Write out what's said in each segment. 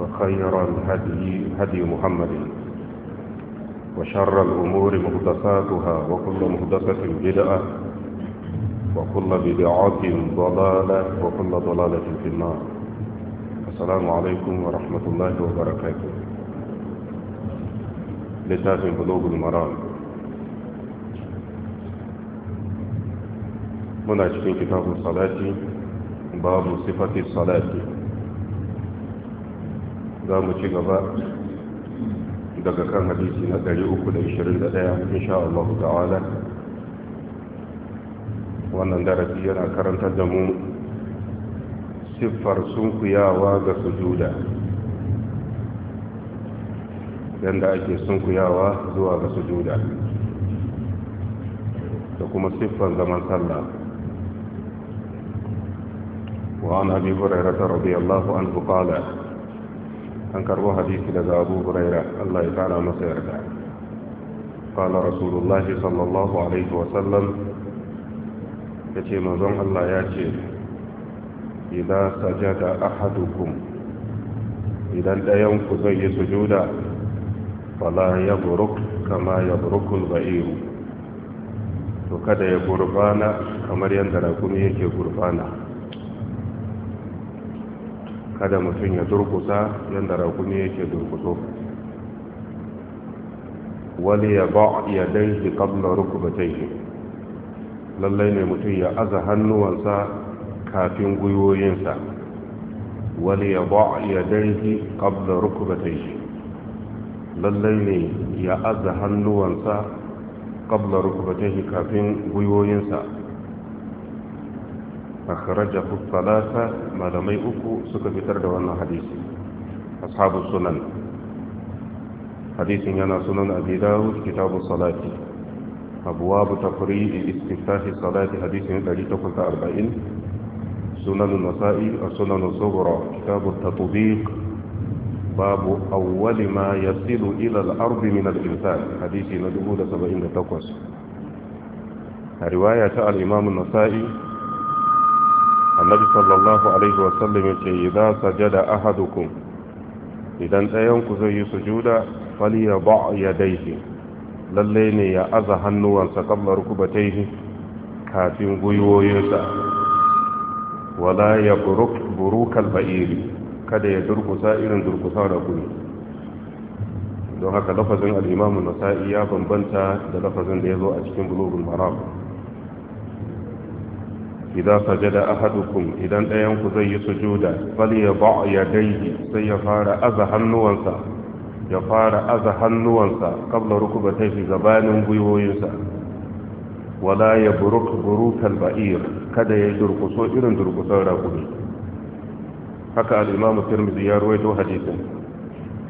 وخير الهدي هدي محمد وشر الأمور مهدساتها وكل مهدسة بدعة وكل بدعة ضلالة وكل ضلالة في النار السلام عليكم ورحمة الله وبركاته لتاف بلوغ المرام مناشقين كتاب الصلاة باب صفة الصلاة za mu ci gaba daga kan hadisi na 321 insha Allah ta'ala wannan darasi yana karantar da mu siffar sunkuyawa ga sujuda yanda ake sunkuyawa zuwa ga sujuda da kuma siffar zaman sallah وعن أبي هريرة رضي الله عنه قال an karbo hadisi daga abu huraira Allah ya kara masa yarda قال رسول الله صلى الله عليه وسلم يتي مزون الله ياتي إذا سجد أحدكم إذا الأيام زي سجودا فلا يبرك كما يبرك البعير وكذا يبربانا كما يندر يكون يكي بربانا kada mutum ya durkusa yadda rakuni yake durkuso wani ya ba ya danshi kabla rukubatai lallai ne mutum ya aza hannuwansa kafin gwiwoyinsa wani ya ba ya danshi kabla rukubatai lallai ne ya aza hannuwansa kabla rukubatai kafin gwiwoyinsa أخرجه الثلاثة ما لم يؤكو سكة في ترد وانا حديثي أصحاب السنن حديثي أنا سنن أبي داود كتاب الصلاة أبواب تقريب استفتاح الصلاة حديثي ينتهي تقلت أربعين سنن النسائي السنن الصغرى كتاب التطبيق باب أول ما يصل إلى الأرض من الإنسان حديثي ندبود سبعين تقوس رواية الإمام النسائي annabi sallallahu alaihi wasallam ya ce idan sajada ahadukum idan ɗayanku zai yi sujuda faliya ba ya daihi lalle ne ya aza hannuwansa kabla rukubataihi kafin gwiwoyinsa wala ya burukal ba'iri kada ya durkusa irin durkusa da kuni don haka lafazin al'imamun nasa'i ya bambanta da lafazin da ya zo a cikin bulogul maram idan sajada ahadukum idan ɗayan ku zai yi sujuda bal ya ba ya daihi sai ya fara aza hannuwansa ya fara aza hannuwansa kabla rukubatai gabanin gwiwoyinsa wala ya buruk burukal ba'ir kada ya durkuso irin durkusan rakumi haka al-imam tirmidhi ya ruwaito hadisin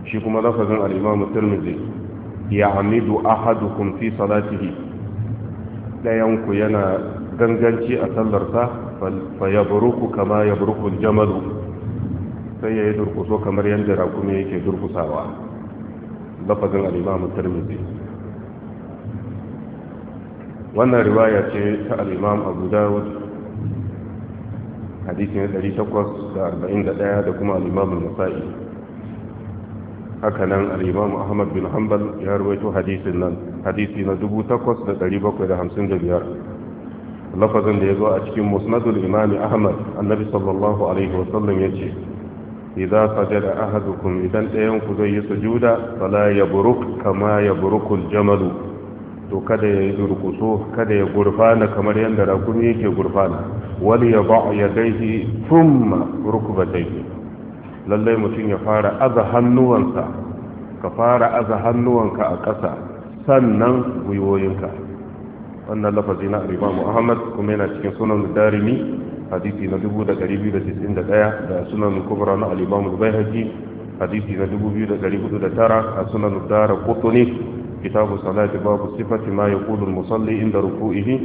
shi kuma lafazin al-imam tirmidhi ya hamidu ahadukum fi salatihi dayan ku yana ganganci a sallarsa fa ya buruku kama ya buruku jamalu sai ya yi durkuso kamar yadda rakumi yake durkusawa lafazin al'imamu turmizi wannan riwaya ce ta al'imam abu dawud hadisin 841 da kuma al'imamun nasa'i hakanan al'imamu ahmad bin hanbal ya ruwaito hadisin nan hadisi na 8755 lafazin da ya zo a cikin musnadul imami ahmad annabi sallallahu alaihi wasallam ya ce idza sajada ahadukum idan ɗayan ku zai yi sujuda fala yabruk kama yabrukul jamalu to kada ya yi durkuso kada ya gurfana kamar yadda rakumi yake gurfana wani ya ba ya daihi thumma rukbatayhi lallai mutum ya fara aza hannuwansa ka fara aza hannuwanka a ƙasa sannan gwiwoyinka wannan lafazi na al-imam ahmad kuma yana cikin sunan darimi hadisi na 2291 da sunan kubra na al-imam al-baihaqi hadisi na 2409 a sunan darqutni kitabu salati babu sifati ma yaqulu al-musalli inda ruku'ihi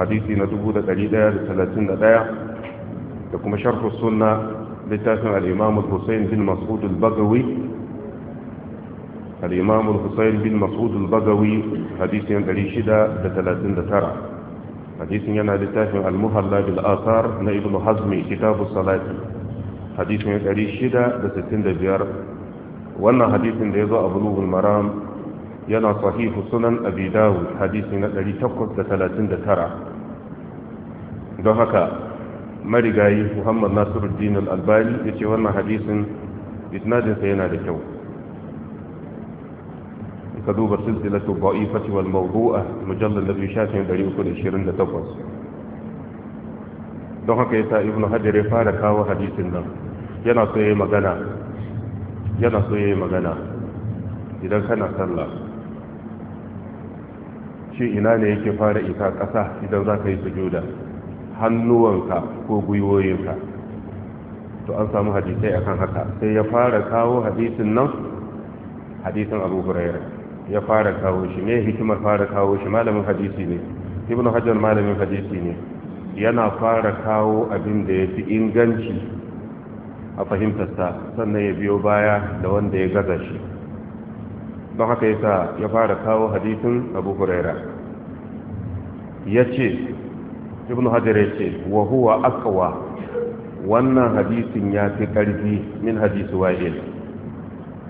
hadisi na 1131 da kuma sharh sunna littafin al-imam al-husayn bin mas'ud al-bagawi الإمام الحسين بن مسعود البغوي حديث ينقلي شدة لثلاثين ترى حديث ينقلي تافع المهلا بالآثار لابن حزم كتاب الصلاة حديث ينقلي شدة لستين دبيار وانا حديث يضاء أبلوغ المرام ينا صحيح سنن أبي داود حديث ينقلي تقص لثلاثين ترى دوهكا marigayi محمد ناصر الدين الألباني ce حديث hadisin سينا لكوه ka duba silsilatu da'ifati wal mawdu'a mujallal nabi shafin 328 don haka yasa ibnu hajar ya fara kawo hadisin nan yana so yayi magana yana so yayi magana idan kana sallah shi ina ne yake fara isa ƙasa idan za ka yi sujuda hannuwanka ko gwiwoyinka to an samu hadisai akan haka sai ya fara kawo hadisin nan hadisin abu hurairah ya fara kawo shi ne hikimar fara kawo shi malamin hadisi ne ibn hajjar malamin hadisi ne yana fara kawo abin da ya fi inganci a fahimtarsa sannan ya biyo baya da wanda ya gaza shi don haka ya sa ya fara kawo hadisin abu huraira ya ce ibn hajjar ya ce wa huwa akawa wannan hadisin ya fi ƙarfi min hadisi wa'il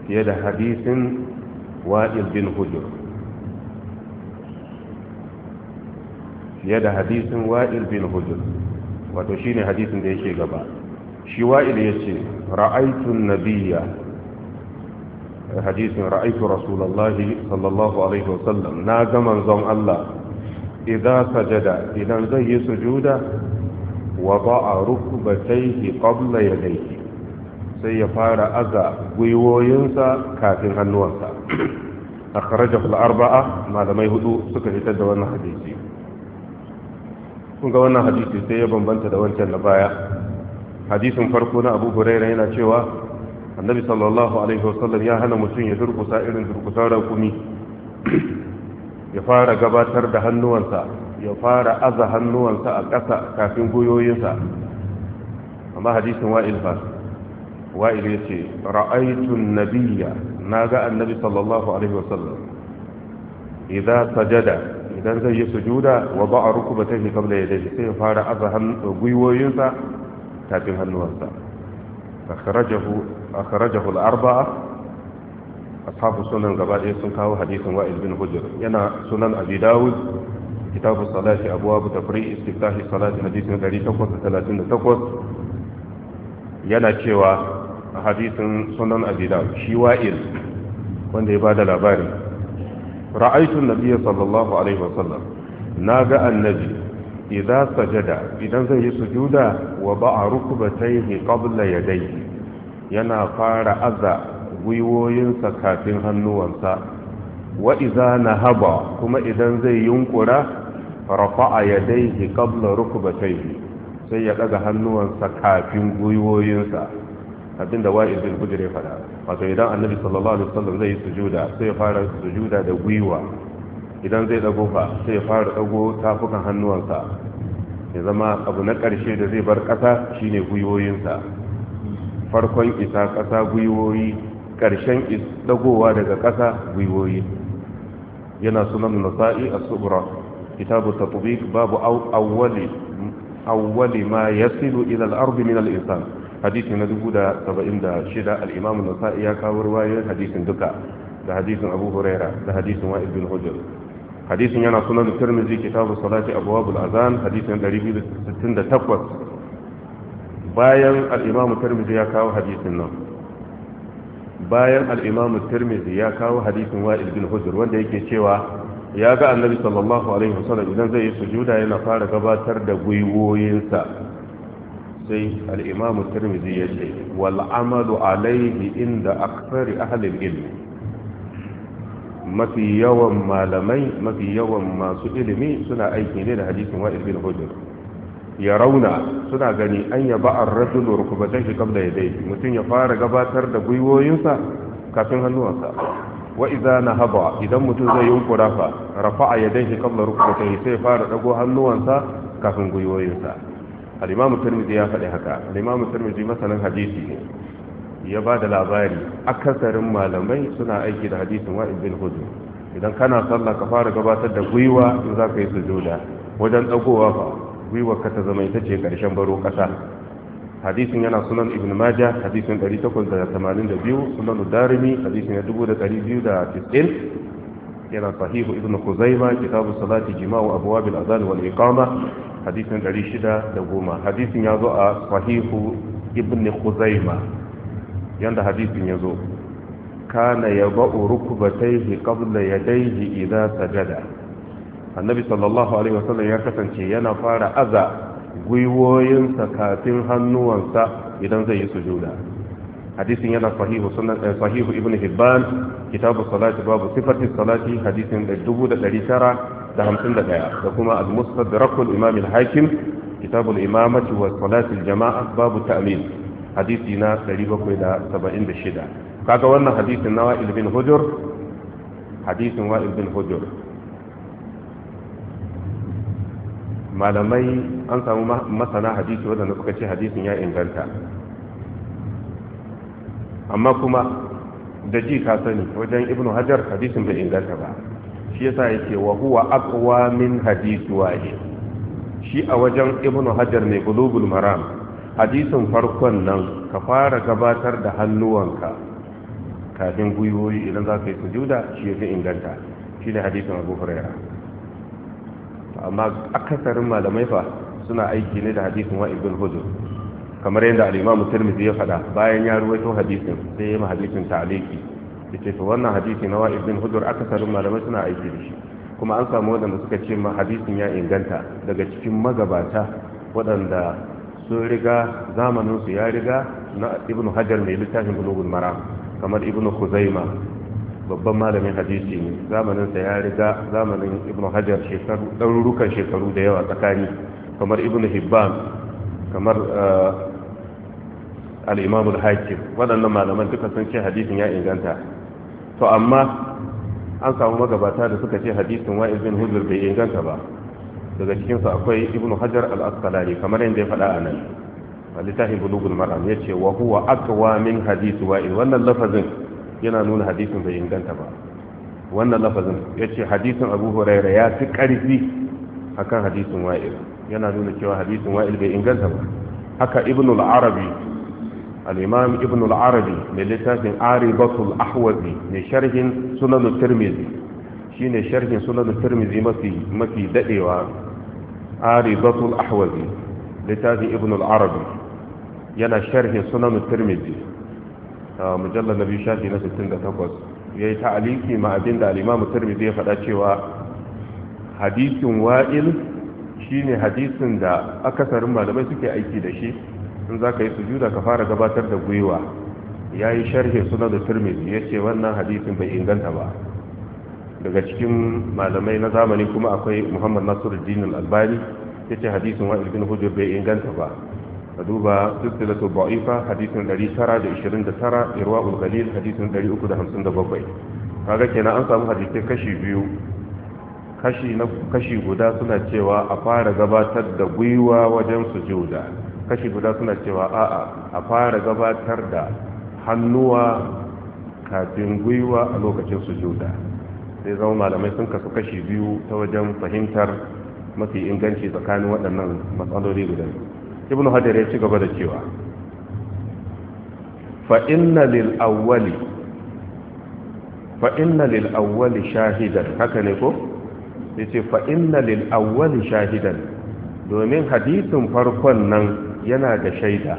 fiye da hadisin wa'il bin hujur fiye da hadisin wa'il bin hujur wato shi ne hadisin da yake gaba shi wa'il ya ce ra'aitun nabiya hadisin ra'aitu rasulallahi sallallahu alaihi wasallam na ga manzon Allah idan sajada idan zai yi sujuda wa ba'a rukbatayhi qabla yadayhi sai ya fara aza gwiwoyinsa kafin hannuwansa akhrajahu al-arba'a malamai hudu suka fitar da wannan hadisi kun ga wannan hadisi sai ya bambanta da wancan na baya hadisin farko na Abu Hurairah yana cewa Annabi sallallahu alaihi wasallam ya hana mutum ya durkusa irin durkusan rakumi ya fara gabatar da hannuwansa ya fara aza hannuwansa a ƙasa kafin goyoyinsa amma hadisin wa'il fa wa'il yace ra'aytu an-nabiyya na ga annabi sallallahu alaihi wasallam idan sajada idan zai yi sujuda wa ba a ruku bata shi kamar yadda shi sai ya fara aza gwiwoyinsa tafin hannuwansa a kharajahu al'arba'a ashabu sunan gaba ɗaya sun kawo hadisin wa'il bin hujjar yana sunan abi dawud kitabu salati abuwa bu tafri istiftahi salati hadisin 838 yana cewa a hadisin sunan abida shi wa'il wanda ya ba da labari ra'aitun nabiya sallallahu alaihi wasallam na ga annabi idan sajada idan zai yi sujuda wa ba'a rukubatayhi qabla yadayhi yana fara aza gwiwoyinsa kafin hannuwansa wa idza nahaba kuma idan zai yunkura rafa'a yadayhi qabla rukubatayhi sai ya daga hannuwansa kafin gwiwoyinsa abinda wa'il bin hujr ya faɗa wato idan annabi sallallahu alaihi wasallam zai yi sujuda sai ya fara sujuda da gwiwa idan zai dago fa sai ya fara dago tafukan hannuwansa ya zama abu na ƙarshe da zai bar ƙasa shine gwiwoyinsa farkon isa ƙasa gwiwoyi ƙarshen dagowa daga ƙasa gwiwoyi yana sunan nasa'i as-subra kitabu tatbiq babu awwali awwali ma yasilu ila al-ardi min al-insan hadisi na 1076 al-imam an-nasa'i ya kawo riwayoyin hadisin duka da hadisin abu huraira da hadisin wa'id bin hujjar hadisin yana sunan tirmidhi kitabu salati wa bulazan hadisin 268 bayan al-imam ya kawo hadisin nan bayan al-imam ya kawo hadisin wa'id bin hujjar wanda yake cewa ya ga annabi sallallahu alaihi wasallam idan zai yi sujuda yana fara gabatar da gwiwoyinsa sai al'imamu turmizi ya ce wal'amalu alaihi inda aksari ahalin ilmi mafi yawan malamai mafi yawan masu ilimi suna aiki ne da hadisin wa'il bin hujjar ya rauna suna gani an yaba an rajulu rukubatan shi kabla ya daidai mutum ya fara gabatar da gwiwoyinsa kafin hannuwansa wa na nahaba idan mutum zai yi yunkura fa rafa'a yadayhi qabla rukbatihi sai fara dago hannuwansa kafin gwiwoyinsa al-imamu ya faɗi haka al-imamu masanin hadisi ne ya ba da labari akasarin malamai suna aiki da hadisin wa'in bin hudu idan kana sallah ka fara gabatar da gwiwa in za ka yi sujuda wajen dagowa ba gwiwa ka ta zama ita ce karshen baro ƙasa hadisin yana sunan ibn maja hadisin 882 sunan darimi hadisin ya 2290 yana sahihu ibn kuzaima kitabu salati jima'u abwabil azan wal iqama hadisin 610 hadisin ya zo a sahihu ibn khuzaima yanda hadisin ya zo kana yaba'u rukbatayhi qabla yadayhi idza sajada annabi sallallahu alaihi wasallam ya kasance yana fara aza gwiwoyinsa kafin hannuwansa idan zai yi sujuda hadisin yana sahihu sunan sahihu ibn hibban kitabu salati babu Sifatin salati hadisin 1900 da hamsin da daya da kuma al-mustadrakul imam al-hakim Kitabun, imamati wa salatil jama'a babu ta'min hadisi na 776 kaga wannan hadisin na wa'il bin hujur hadisin wa'il bin hujur malamai an samu masana hadisi wadanda suka ce hadisin ya inganta amma kuma da ji ka sani wajen ibnu hajar hadisin bai inganta ba shi yasa yake wa huwa aqwa min hadisi wahid shi a wajen ibnu hajar mai bulugul maram hadisin farkon nan ka fara gabatar da hannuwanka kafin gwiwoyi idan za ka yi sujuda shi ya inganta shi ne hadisin abu huraira amma akasarin malamai fa suna aiki ne da hadisin wa ibn hujur kamar yadda al'imamu tirmidhi ya faɗa bayan ya ruwaito hadisin sai ya yi hadisin ta'aliki yace wannan hadisi na wa'id bin hudur akasarin malamai suna aiki da shi kuma an samu wadanda suka ce ma hadisin ya inganta daga cikin magabata wadanda sun riga zamanin su ya riga na ibn hajar mai littafin bulugul maram kamar ibn Kuzaima babban malamin hadisi ne zamanin sa ya riga zamanin ibn hajar shekaru ɗarurukan shekaru da yawa tsakani kamar ibn hibban kamar eh, al'imamul hakim waɗannan malaman duka sun ce hadisin ya inganta to amma an samu magabata da suka ce hadisin wa ibn hujjar bai inganta ba daga cikinsu akwai Ibnu hajar al-asqalani kamar yadda ya faɗa a nan a littafin bulugul maram ya ce wa huwa aqwa min hadisi wa'il wannan lafazin yana nuna hadisin bai inganta ba wannan lafazin ya ce hadisin abu huraira ya fi ƙarfi akan hadisin wa'il yana nuna cewa hadisin wa'il bai inganta ba haka ibn al-arabi al'imam ibn al'arabi mai littafin aribatul ahwazi ne sharhin sunan tirmizi shi sharhin sunan tirmizi mafi daɗewa aribatul ahwazi littafin ibn al'arabi yana sharhin sunan tirmizi mujallar na biyu shafi na 68 ya yi ta'aliki ma abin da al'imamu tirmizi ya faɗa cewa hadisin wa'il shine ne hadisin da akasarin malamai suke aiki da shi in za ka yi sujuda ka fara gabatar da gwiwa ya yi sharhe suna da turmizi ya ce wannan hadisin bai inganta ba daga cikin malamai na zamani kuma akwai muhammad nasiru dinin albani ya ce hadisin wa ibn hujjar bai inganta ba a duba silsilatu ba'ifa hadisin 929 irwa ulgalil hadisin 357 kaga kenan an samu hadisai kashi biyu kashi guda suna cewa a fara gabatar da gwiwa wajen su sujuda kashi guda suna cewa a'a a fara gabatar da hannuwa kafin gwiwa a lokacin sujuda sai zama malamai sun kasu kashi biyu ta wajen fahimtar mafi inganci tsakanin waɗannan matsaloli guda ibn hajar ya ci gaba da cewa fa'inna lil'awwali fa'inna lil'awwali shahidan haka ne ko? ya ce fa'inna lil'awwali shahidan domin hadisin farkon nan yana da shaida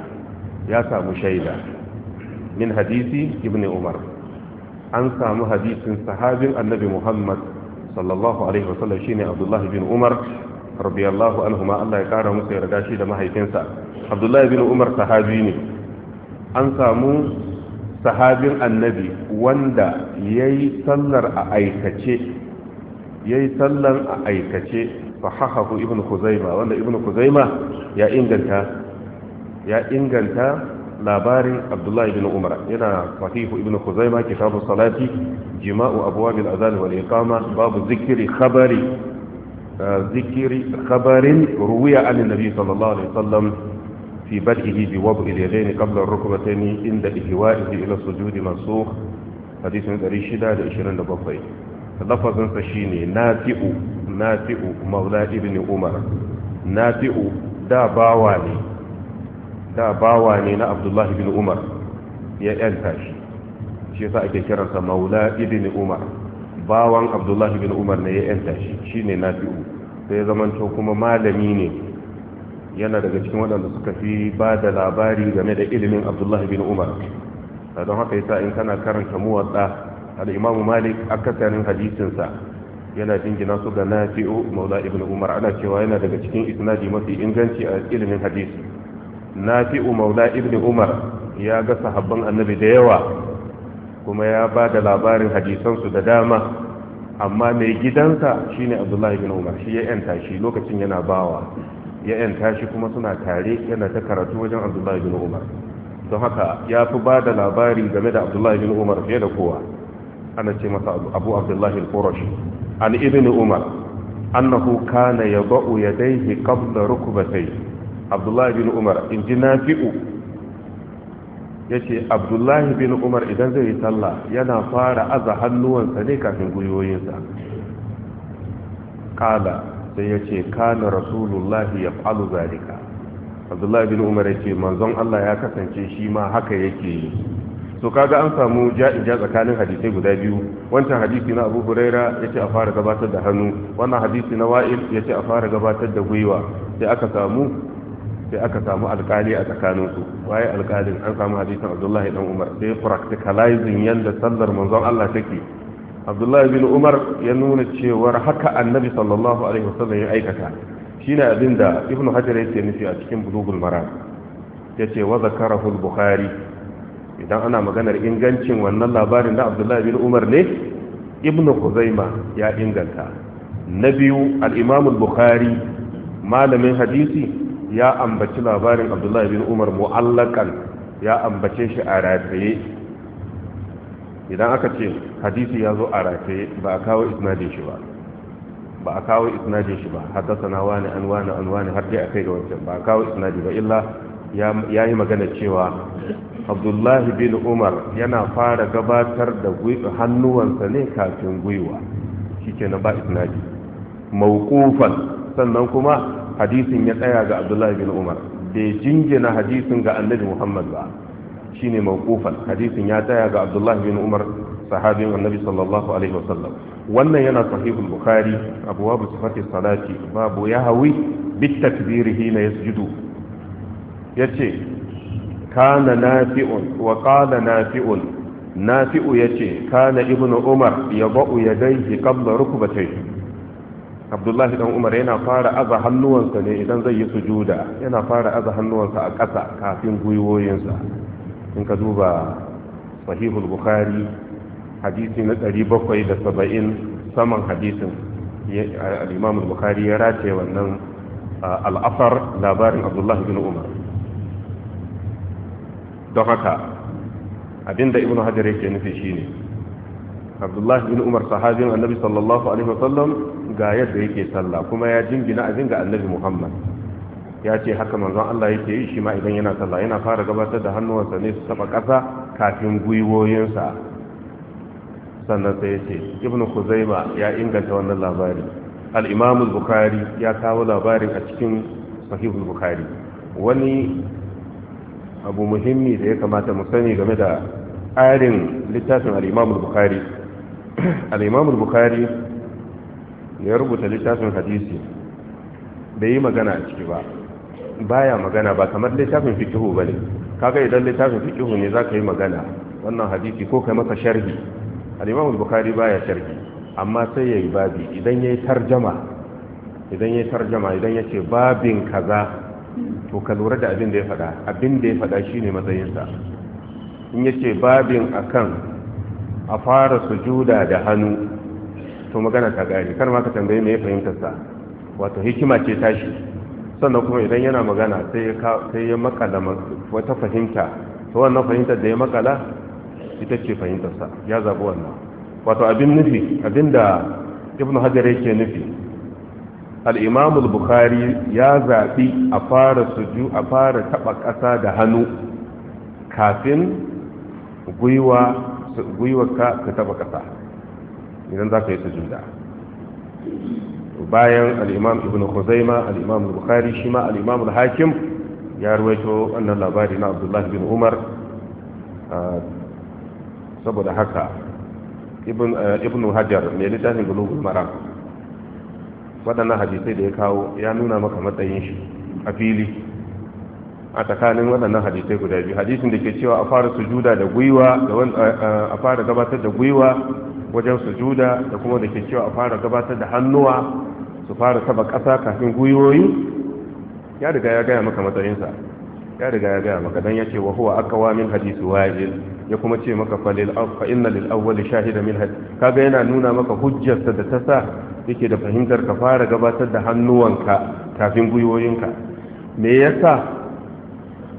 ya samu shaida min hadisi ibn umar an samu hadisin sahabin annabi muhammad sallallahu alaihi wasallam shine abdullahi bin umar radiyallahu anhu ma Allah ya kara musu yarda shi da mahaifinsa abdullahi bin umar sahabi ne an samu sahabin annabi wanda yayi sallar a aikace yayi sallar a aikace sahahahu ibn kuzaima wanda ibn kuzaima ya inganta ya inganta labarin abdullahi ibn umar yana fatihu ibn khuzaima kitabu salati jima'u abwabil azan wal iqama babu zikri khabari uh, zikri khabarin ruwiya an nabi sallallahu alaihi wasallam fi bad'ihi bi wad'i al-yadayn qabla ar-rukbatayn inda ihwa'ihi ila sujudi mansukh hadisin 627 lafazin sa shine nafi'u nafi'u maula ibn umar nafi'u da bawa ne da bawa ne na abdullahi bin umar ya yanta shi shi yasa ake kiransa maula ibn umar bawan abdullahi bin umar ne ya yanta shi na fi'u. sai ya zamanto kuma malami ne yana daga cikin waɗanda suka fi ba da labari game da ilimin abdullahi bin umar don haka yasa in kana karanta muwatsa al imamu malik akasarin hadisinsa yana jingina su ga nafi'u maula ibn umar ana cewa yana daga cikin isnadi mafi inganci a ilimin hadisi nafi'u maula ibn umar ya ga sahabban annabi da yawa kuma ya ba da labarin hadisansu da dama amma mai gidansa shine abdullahi ibn umar shi ya yanta shi lokacin yana bawa ya yanta shi kuma suna tare yana ta karatu wajen abdullahi ibn umar don haka ya fi ba da labari game da abdullahi ibn umar fiye da kowa ana ce masa abu abdullahi al-qurashi an ibn umar annahu kana yadau yadayhi qabla rukbatayhi abdullahi bin umar in ji nafi'u ya ce abdullahi bin umar idan zai yi sallah yana fara aza hannuwansa ne kafin gwiwoyinsa kala sai ya ce kana rasulullahi ya falu zalika abdullahi bin umar ya ce manzon allah ya kasance shi ma haka yake yi so kaga an samu ja'ija tsakanin hadisai guda biyu wancan hadisi na abu huraira ya ce a fara gabatar da hannu wannan hadisi na wa'il ya ce a fara gabatar da gwiwa sai aka samu sai aka samu alkali a su waye alkalin an samu hadisin abdullahi dan umar sai practicalizing yadda sallar manzon Allah take abdullahi bin umar ya nuna cewa haka annabi sallallahu alaihi wasallam ya aikata shine abin da ibn hajar yake nufi a cikin bulugul maram yace wa zakarahu al-bukhari idan ana maganar ingancin wannan labarin da abdullahi bin umar ne ibn huzaima ya inganta na biyu al-imam al-bukhari malamin hadisi ya ambaci labarin abdullahi bin umar mu'allakan ya ambace shi a rataye idan aka ce hadisi ya zo a rataye ba a kawo isnadin shi ba ba a kawo isnadin shi ba hatta sana wani an wani an wani har dai a kai ga wancan ba a kawo isnadin ba illa ya yi magana cewa abdullahi bin umar yana fara gabatar da hannuwansa ne kafin gwiwa shi ke ba isnadin mawukufan sannan kuma hadisin ya tsaya ga abdullahi bin umar bai jingina hadisin ga annabi muhammad ba shine mawqufan hadisin ya tsaya ga abdullahi bin umar sahabin annabi sallallahu alaihi wasallam wannan yana sahihul bukhari abwabu sifati salati babu ya yahwi bit takbir hina yasjudu yace kana nafi'un wa qala nafi'un nafi'u yace kana ibnu umar yadau yadayhi qabla rukbatayhi abdullahi dan umar yana fara aza hannuwansa ne idan zai yi sujuda yana fara aza hannuwansa a ƙasa kafin gwiwoyinsa in ka duba sahihul bukhari hadisi na 770 saman hadisin al-imam bukhari ya race wannan al'afar labarin abdullahi bin umar don haka abinda ibn hajar yake nufi shine abdullahi bin umar sahabin annabi sallallahu alaihi wasallam ga yadda yake sallah kuma ya jingina abin ga annabi muhammad ya ce haka manzon Allah yake yi shi ma idan yana sallah yana fara gabatar da hannuwansa ne su taba ƙasa kafin gwiwoyinsa sannan sai ya ce ibnu kuzaima ya inganta wannan labari al-imam bukhari ya kawo labarin a cikin sahih al-bukhari wani abu muhimmi da ya kamata mu sani game da ƙarin littafin al-imam al-bukhari al bukhari ya rubuta littafin hadisi bai yi magana a ciki ba baya magana ba kamar littafin fikihu ba ne kaga idan littafin fikihu ne za ka yi magana wannan hadisi ko kai masa sharhi al'imamu bukari baya sharhi amma sai ya yi babi idan ya yi tarjama idan ya yi tarjama idan ya ce babin kaza to ka lura da abin da ya faɗa abin da ya faɗa shine matsayinsa in ya ce babin akan a fara sujuda da hannu to magana ta gari kar ma ka tambaye me fahimta sa wato hikima ce tashi sannan kuma idan yana magana sai ya sai ya makala wata fahimta to wannan fahimtar da ya makala ita ce fahimta sa ya zabi wannan wato abin nufi abinda ibnu hajar yake nufi al-imam al-bukhari ya zabi a fara suju a fara taba kasa da hannu kafin gwiwa gwiwa ka taba kasa idan za ka yi sujuda bayan al'imam ibn khuzaima al'imam bukhari shi ma al'imam hakim ya ruwaito wannan labari na abdullahi bin umar saboda haka ibn hajar mai littafin gulubul maram waɗannan hadisai da ya kawo ya nuna maka matsayin shi a fili a tsakanin waɗannan hadisai guda biyu hadisin da ke cewa a fara sujuda da gwiwa a fara gabatar da gwiwa wajen sujuda da kuma da ke cewa a fara gabatar da hannuwa su fara taba ƙasa kafin gwiwoyi ya riga ya gaya maka matsayinsa ya riga ya gaya maka dan yace wa huwa aqwa min hadisi wajil ya kuma ce maka falil fa inna lil awwal shahida min hadith kaga yana nuna maka hujjarsa da ta sa yake da fahimtar ka fara gabatar da hannuwanka kafin gwiwoyinka me yasa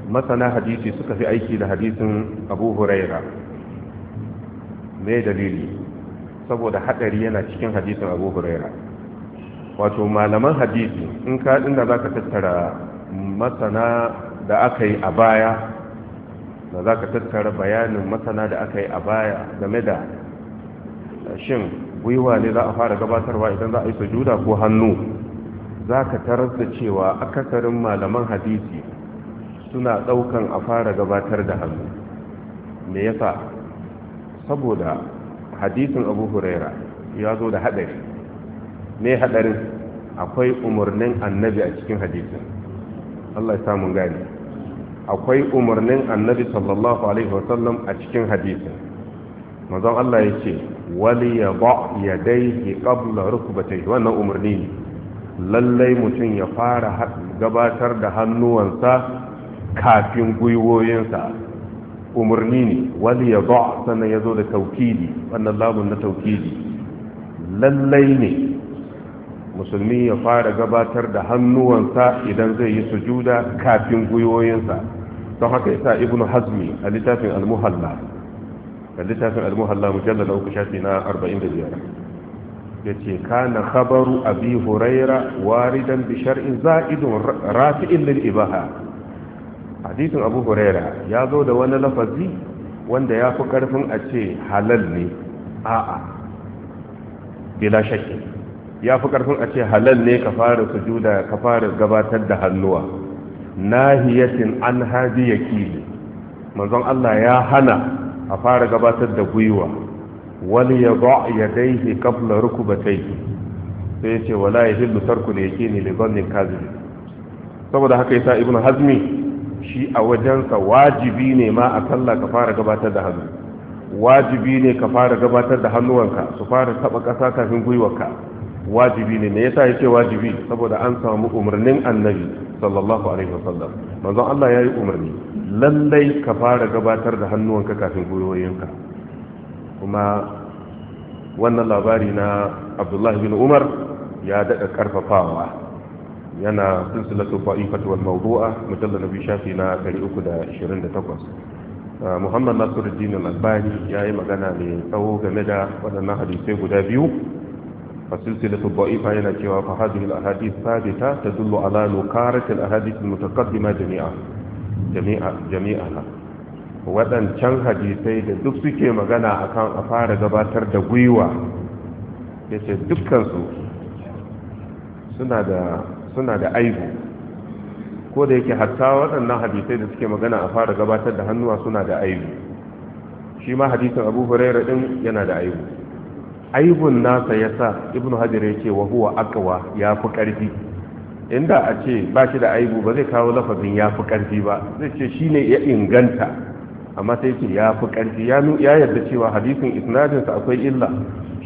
masana hadisi suka fi aiki da hadisin Abu Huraira me dalili saboda hadari yana cikin hadisin abu huraira wato malaman hadisi in ka inda za ka tattara masana da aka yi a baya da za ka tattara bayanin masana da aka yi a baya game da shin gwiwa ne za a fara gabatarwa idan za a yi sujuda ko hannu za ka tarar da cewa akasarin malaman hadisi suna daukan a fara gabatar da hannu me yasa saboda hadisin abu huraira ya zo da hadari ne hadarin akwai umarnin annabi a cikin hadisin Allah ya samu gani akwai umarnin annabi sallallahu alaihi wasallam a cikin hadisin mazan Allah ya ce wali ya ba ya dai qabla rukbatayhi wannan umarni ne lallai mutum ya fara gabatar da hannuwansa kafin gwiwoyinsa umarni ne wali ya ba sannan ya zo da taukidi wannan lamun na taukidi lallai ne musulmi ya fara gabatar da hannuwansa idan zai yi sujuda kafin gwiwoyinsa don haka yasa ibn hazmi a littafin al-muhalla a littafin al mujallar da uku shafi na 45 ya ce kana khabaru abi huraira waridan bi shar'in za'idun rafi'in lil ibaha hadisin abu huraira ya zo da wani lafazi wanda ya fi karfin a ce halal ne a'a bila shakki ya fi karfin a ce halal ne ka fara sujuda ka fara gabatar da hannuwa nahiyatin an hadi yakili manzon Allah ya hana a fara gabatar da gwiwa wani ya ba ya daihi kabla sai ce wala ya fi tarku da yake ne libanin kazini saboda haka yasa ibnu hazmi shi a wajensa wajibi ne ma a sallah ka fara gabatar da hannu wajibi ne ka fara gabatar da hannuwanka su fara taba ƙasa kafin gwiwarka wajibi ne me yasa yake wajibi saboda an samu umarnin annabi sallallahu alaihi wasallam manzon Allah yayi umarni lallai ka fara gabatar da hannuwanka kafin gwiwoyinka kuma wannan labari na Abdullahi bin Umar ya daɗa ƙarfafawa yana silsilatu maudu'a. wal mawdu'a mujallal nabi shafi na 328 uh, muhammad nasiruddin al-albani yi magana ne tsawo game da waɗannan hadisai guda biyu فسلسلة الضعيفة هنا Al-Hadis, الأحاديث ثابتة تدل على نكارة الأحاديث المتقدمة جميعا Jami'a. Jami'a wadan can hadisai da duk suke magana akan a fara gabatar da gwiwa ya ce dukkansu suna da suna da aibu ko da yake hatta waɗannan hadisai da suke magana a fara gabatar da hannuwa suna da aibu shi ma hadisin abu huraira ɗin yana da aibu aibun nasa ya sa ibn ya ce wa huwa akawa ya fi ƙarfi inda a ce ba shi da aibu ba zai kawo lafazin ya fi ƙarfi ba zai ce shi ne ya inganta amma sai ce ya fi ƙarfi ya yarda cewa hadisin isnadinsa akwai illa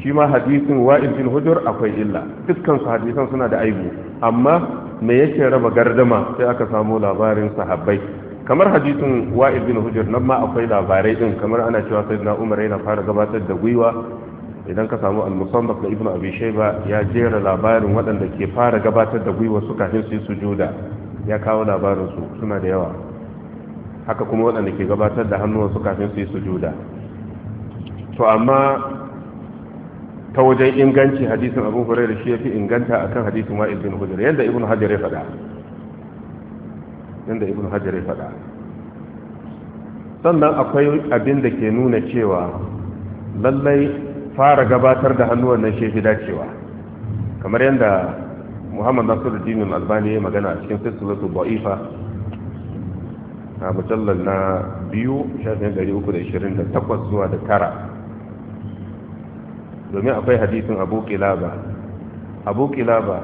shi ma hadisin wa'il fil hujur akwai illa dukkan hadisan suna da aibu amma me yake raba gardama sai aka samu labarin sahabbai kamar hadisin wa'il bin hujur nan ma akwai labarai din kamar ana cewa sayyidina umar yana fara gabatar da gwiwa idan ka samu al-musannaf da ibnu abi shayba ya jera labarin waɗanda ke fara gabatar da gwiwa su kafin su yi sujuda ya kawo labarin su suna da yawa haka kuma waɗanda ke gabatar da su kafin su yi sujuda to amma ta wajen inganci hadisin abu hurairah shi yafi inganta akan hadisin wa'il bin hujr yanda ibn hajar ya faɗa yanda ibn hajar ya fada sannan akwai abin da ke nuna cewa lallai fara gabatar da hannuwan nan shefi dacewa kamar yadda muhammad nasir jimin albani ya magana a cikin sissilatu ba'ifa a mujallar na biyu shafin 328 zuwa da tara domin akwai hadisin abu kilaba abu kilaba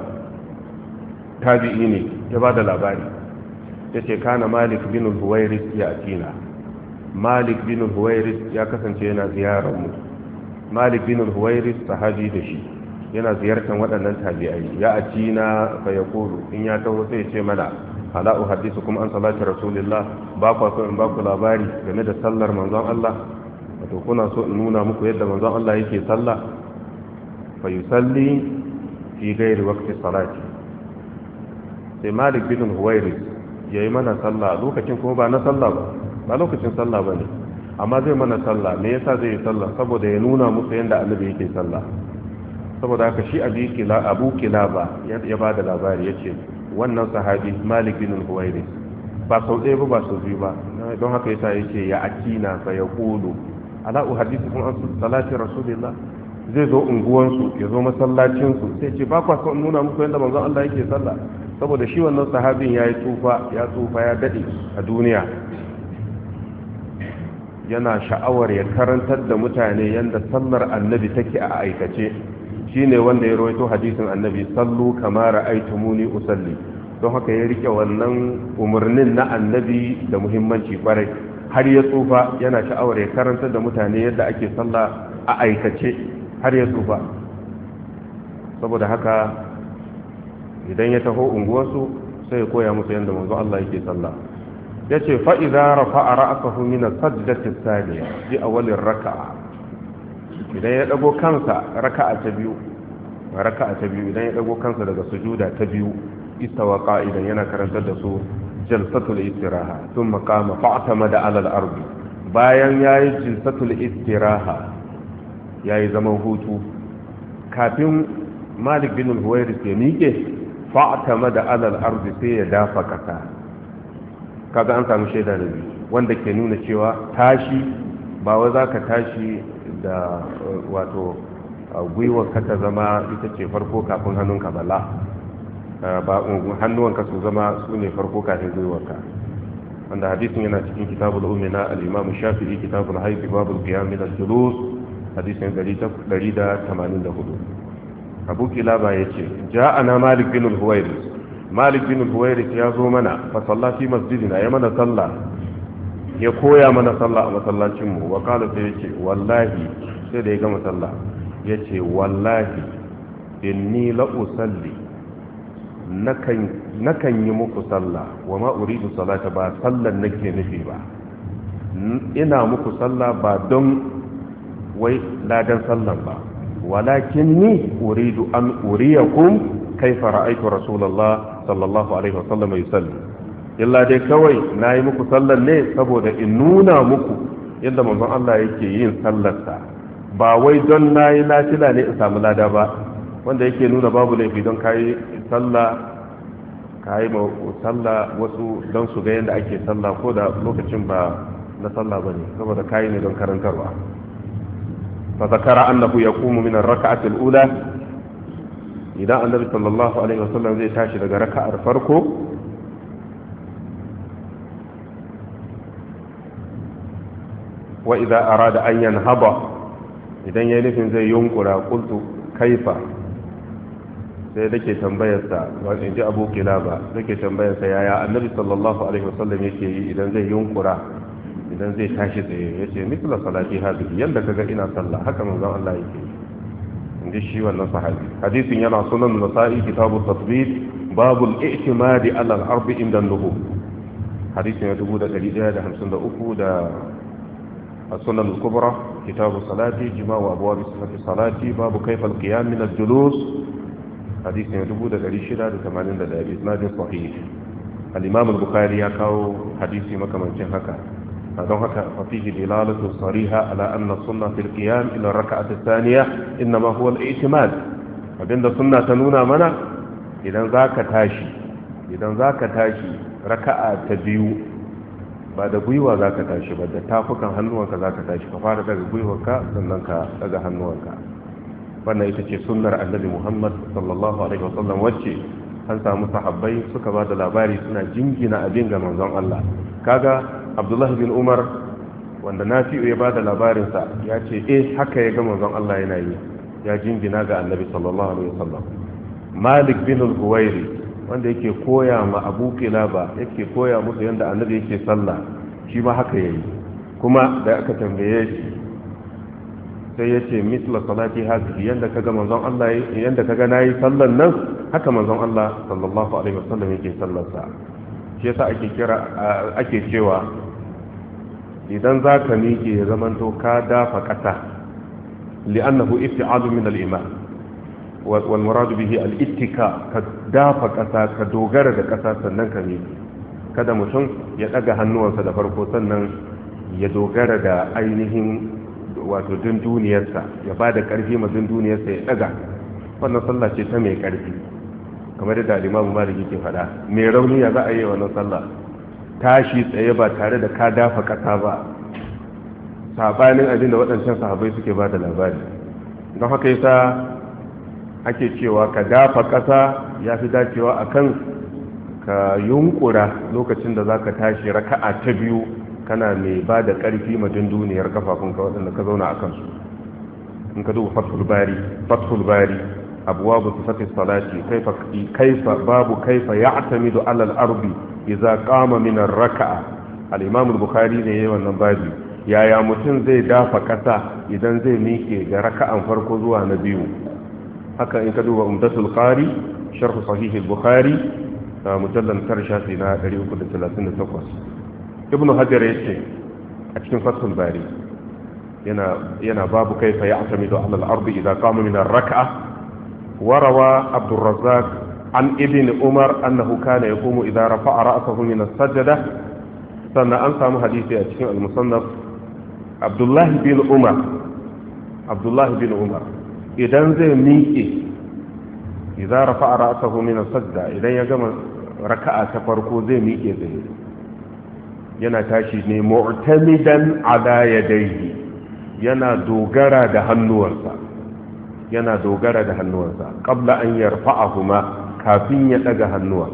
tabi'i ne ya ba da labari ya ce kana malik bin huwairis ya atina malik bin huwairis ya kasance yana ziyarar mu malik bin huwairis sahabi da shi yana ziyartar waɗannan tabi'ai ya atina fa yaqulu in ya taho sai ya ce mana ala uhaddisu kuma an salati rasulillah ba ku so in ba ku labari game da sallar manzon Allah to kuna so in nuna muku yadda manzon Allah yake sallah fa yusalli fi ghairi waqti salati sai Malik bin Huwairis yayi mana sallah lokacin kuma ba na sallah ba ba lokacin sallah ba ne amma zai mana sallah me yasa zai yi sallah saboda ya nuna musu yadda annabi yake sallah saboda haka shi abi kila abu kilaba ya ba da labari yace wannan sahabi Malik bin Huwairis ba sau ɗaya ba ba sau biyu ba don haka yasa yake ya akina fa yaqulu ala uhadithukum an salati rasulillah zai zo unguwansu ya zo masallacinsu sai ce ba kwa son nuna muku yadda manzon Allah yake sallah saboda shi wannan sahabin ya yi tsufa ya tsufa ya dade a duniya yana sha'awar ya karantar da mutane yadda sallar annabi take a aikace shine wanda ya rawaito hadisin annabi sallu kama ra'aytumuni usalli don haka ya rike wannan umarnin na annabi da muhimmanci kwarai har ya tsufa yana sha'awar ya karanta da mutane yadda ake sallah a aikace har ya tsufa saboda haka idan ya taho unguwarsu sai ya koya musu yadda manzo Allah yake sallah ya ce fa'iza rafa a ra'asahu mina sajdatin saniya ji a walin raka'a idan ya ɗago kansa raka'a ta biyu raka'a ta biyu idan ya dago kansa daga sujuda ta biyu istawa idan yana karantar da su jalsatul istiraha sun makama fa'atama da alal arbi bayan ya yi jalsatul istiraha ya yi zaman hutu kafin malik bin huwairis ya miƙe fa'atama da alal arbi sai ya dafa kasa kaga an samu shaida da biyu wanda ke nuna cewa tashi ba wa za ka tashi da wato gwiwa ka ta zama ita ce farko kafin hannunka bala ba hannuwanka su zama su ne farko kafin gwiwarka wanda hadisin yana cikin kitabul umina na al'imamu shafi'i kitabul haifi babul qiyam min al-julus hadisin 184 abu kilaba yace ja'ana malik bin al huwairi malik bin al-huwairis ya zo mana fa sallati masjidina ya mana sallah ya koya mana sallah a masallacin mu wa qala sai yace wallahi sai da ya gama sallah yace wallahi inni la usalli nakan yi muku sallah wa ma uridu salata ba sallan nake nufi ba ina muku sallah ba don wai ladan sallan ba walakin ni uridu an uriyakum kaifa ra'aytu rasulullah sallallahu alaihi wasallam yusalli illa dai kawai nayi muku sallan ne saboda in nuna muku yadda manzon Allah yake yin sallarsa ba wai don nayi lafila ne in samu lada ba wanda yake nuna babu laifi don kayi sallah ka yi sallah wasu don su ga yadda ake sallah ko da lokacin ba na sallah ba ne saboda kayi ne don karantarwa fa zakara annahu yaqumu min ar-rak'ati al-ula idan annabi sallallahu alaihi wasallam zai tashi daga raka'ar farko wa idza arada an yanhaba idan yayi nufin zai yunkura qultu kaifa sai nake tambayarsa wani ji abu kilaba nake tambayarsa yaya annabi sallallahu alaihi wasallam yake yi idan zai yunkura idan zai tashi tsaye ya ce mitla salati hadhihi yanda kaga ina sallah haka manzon Allah yake inda shi wannan sahabi hadisin yana sunan nasa'i kitabu tasbih babul i'timadi ala al-ard inda an-nuhum hadisin ya 1153 da hamsin da السنن الكبرى كتاب الصلاة جماع أبواب صفة الصلاة باب كيف القيام من الجلوس hadisi ne 681 isnadin sahih al al-bukhari ya kawo hadisi makamancin haka don haka fafihi dilalatu sariha ala anna sunna fil qiyam ila rak'at ath-thaniya inma huwa al-i'timad abinda sunna ta nuna mana idan zaka tashi idan zaka tashi raka'a ta biyu ba da gwiwa za ka tashi ba da tafukan hannuwanka za ka tashi ka fara daga gwiwarka sannan ka daga hannuwanka wannan ita ce sunnar annabi muhammad sallallahu alaihi wasallam wacce an samu sahabbai suka ba da labari suna jingina abin ga manzon Allah kaga abdullahi bin umar wanda nafi'u ya ba da labarinsa ya ce eh haka ya ga manzon Allah yana yi ya jingina ga annabi sallallahu alaihi wasallam malik bin al-huwairi wanda yake koya ma abu kilaba yake koya musu yanda annabi yake sallah shi ma haka yayi kuma da aka tambaye shi sai ya ce misla salati hazihi yanda kaga manzon Allah yanda kaga nayi sallan nan haka manzon Allah sallallahu alaihi wasallam yake sallar sa shi yasa ake kira ake cewa idan zaka miƙe ya zamanto ka dafa ƙasa li'annahu ibti'adu min al-iman wal murad bihi al-ittika ka dafa ƙasa ka dogara da ƙasa sannan ka miƙe kada mutum ya daga hannuwansa da farko sannan ya dogara da ainihin wato dunduniyarsa ya ba da ƙarfi ma dunduniyarsa ya ɗaga wannan sallah ce ta mai ƙarfi kamar da limamu maliki yake faɗa mai rauni ya za a yi wannan sallah tashi tsaye ba tare da ka dafa ƙasa ba sabanin abin da waɗancan sahabai suke ba da labari don haka yasa ake cewa ka dafa ƙasa ya fi dacewa akan ka yunkura lokacin da za ka tashi raka'a ta biyu kana mai ba da ƙarfi ma dunduniyar kafafunka waɗanda ka zauna a kansu in ka duba fathul bari fathul bari abuwa bu sifati salati kaifa babu kaifa ya da alal arbi idza qama min ar-raka'a al-imam al-bukhari ne yayin wannan babi yaya mutum zai dafa kasa idan zai miƙe da raka'an farko zuwa na biyu haka in ka duba umdatul qari sharh sahih al-bukhari mujallal karshe na 338 ابن هجر يشي أكين فتح الباري ينا, ينا باب كيف يعتمد على الأرض إذا قام من الركعة وروى عبد الرزاق عن ابن عمر أنه كان يقوم إذا رفع رأسه من السجدة سنة أنسى مهديث أكين المصنف عبد الله بن عمر عبد الله بن عمر إذا انزل ميكي إذا رفع رأسه من السجدة إذا يجمع ركعة تفرقو زي ميكي زي. yana tashi ne mu'tamidan ala yadayhi yana dogara da hannuwansa yana dogara da hannuwansa qabla an yarfa'ahuma kafin ya daga hannuwa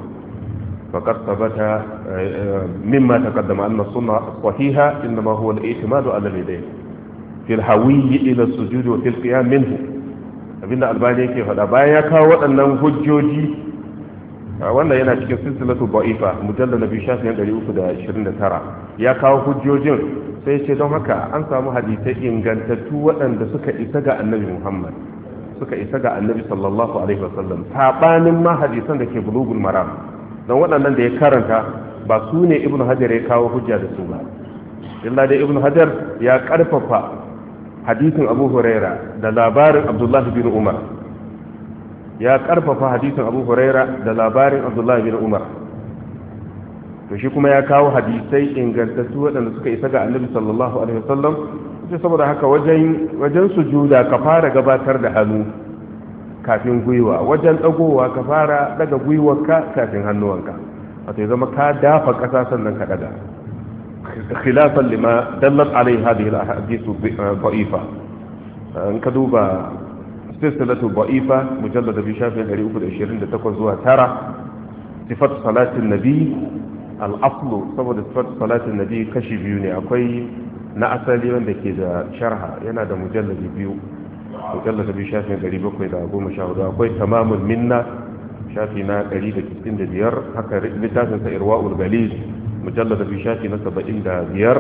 faqad thabata eh, mimma taqaddama anna sunna sahiha inma huwa al-i'timadu ala yadayhi fi al-hawiyyi ila as-sujud wa fi al-qiyam minhu abinda albani yake faɗa bayan ya kawo waɗannan hujjoji wannan yana cikin silsilatu ba'ifa mujallar na biyu shafin ɗari uku da da tara ya kawo hujjojin sai ce don haka an samu hadisai ingantattu waɗanda suka isa ga annabi muhammad suka isa ga annabi sallallahu alaihi wasallam ma hadisan da ke bulugul maram don waɗannan da ya karanta ba su ne ibn hajar ya kawo hujja da su ba illa dai ibn hajar ya karfafa hadisin abu huraira da labarin abdullahi bin umar ya karfafa hadisin abu huraira da labarin abdullahi bin umar to shi kuma ya kawo hadisai ingantattu waɗanda suka isa ga annabi sallallahu alaihi wasallam sai saboda haka wajen wajen sujuda ka fara gabatar da hannu kafin gwiwa wajen dagowa ka fara daga gwiwarka kafin hannuwanka wato zama ka dafa ƙasa sannan ka daga khilafan lima dallat alaihi hadhihi al-ahadith eh, da'ifa in ka duba silsilatu ba'ifa mujallar da shafin 328 zuwa tara sifat salatin nabi al'aflu saboda sifat salatin nabi kashi biyu ne akwai na asali wanda ke da sharha yana da mujallar biyu mujallar da shafin 714 akwai tamamun minna shafi na 195 haka littafin sa irwa'ul galil mujallar da shafi na 75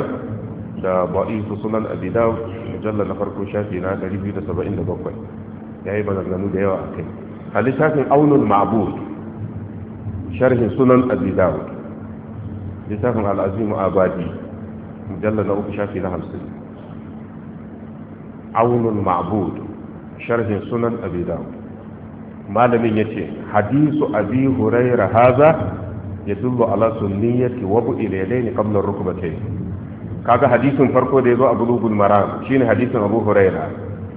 da ba'ifu sunan abidaw mujallar na farko shafi na 277 yayi yi da yawa akai a kai a littafin aunin ma'abud sharhin sunan abidawu al-azim abadi mujallad na uku shafi na 50 aunul ma'bud sharh sunan abidawu malamin yace ce hadisu abi hurayra hadha yadullu ala sunniyyati wa bu ilailai qabla ar-rukbatayn kaga hadisin farko da yazo zo a bulugul maram shine hadisin abu hurayra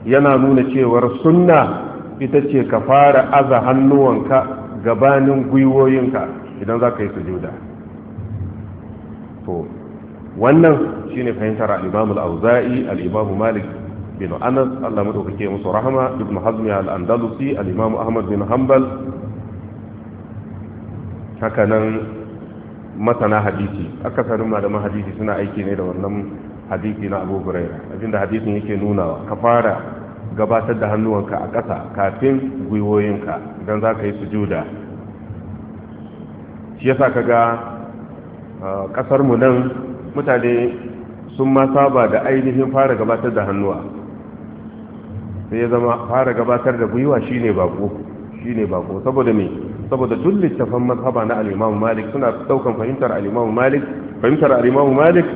yana nuna cewar sunna ita ce ka fara aza hannuwanka gabanin gwiwoyinka idan za ka yi sujuda to wannan shine fahimtar al-imam auzai al malik bin anas Allah kake musu rahama ibn hazmi al’andalusi andalusi ahmad bin hanbal haka nan masana hadisi akasarin malaman hadisi suna aiki ne da wannan hadisi na abu huraira abinda hadisin yake nunawa ka fara gabatar da hannuwanka a ƙasa kafin gwiwoyinka don za ka yi sujuda shi yasa ka ga ƙasarmu nan mutane sun ma saba da ainihin fara gabatar da hannuwa sai ya zama fara gabatar da gwiwa shine bako shine bako saboda me saboda duk littafan mazhaba na al-Imam Malik suna daukan fahimtar al-Imam Malik fahimtar al-Imam Malik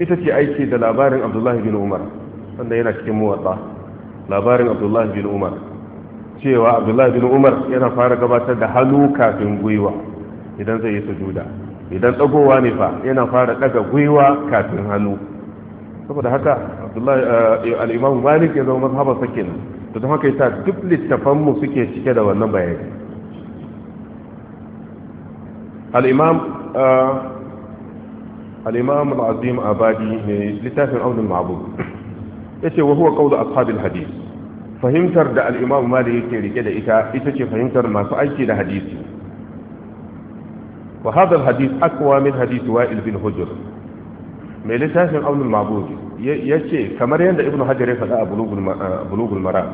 ita ce aiki da labarin abdullahi bin umar wanda yana cikin muwatsa labarin abdullahi bin umar cewa abdullahi bin umar yana fara gabatar da hannu kafin gwiwa idan zai yi sujuda idan tsagowa ne fa yana fara daga gwiwa kafin hannu saboda haka eh, al'imam malik ya zama mazhabar sakin da don haka yasa duk littafanmu suke cike da wannan bayani al'imam eh, الإمام العظيم أبادي لتافي عون المعبود إيشي وهو قول أصحاب الحديث فهمتر دا الإمام مالي كيري كده إيشا إيشي فهمتر ما سأيشي حديث وهذا الحديث أقوى من حديث وائل بن هجر من لتافي عون المعبود يشي كمريان دا ابن حجر فلا بلوغ المرأة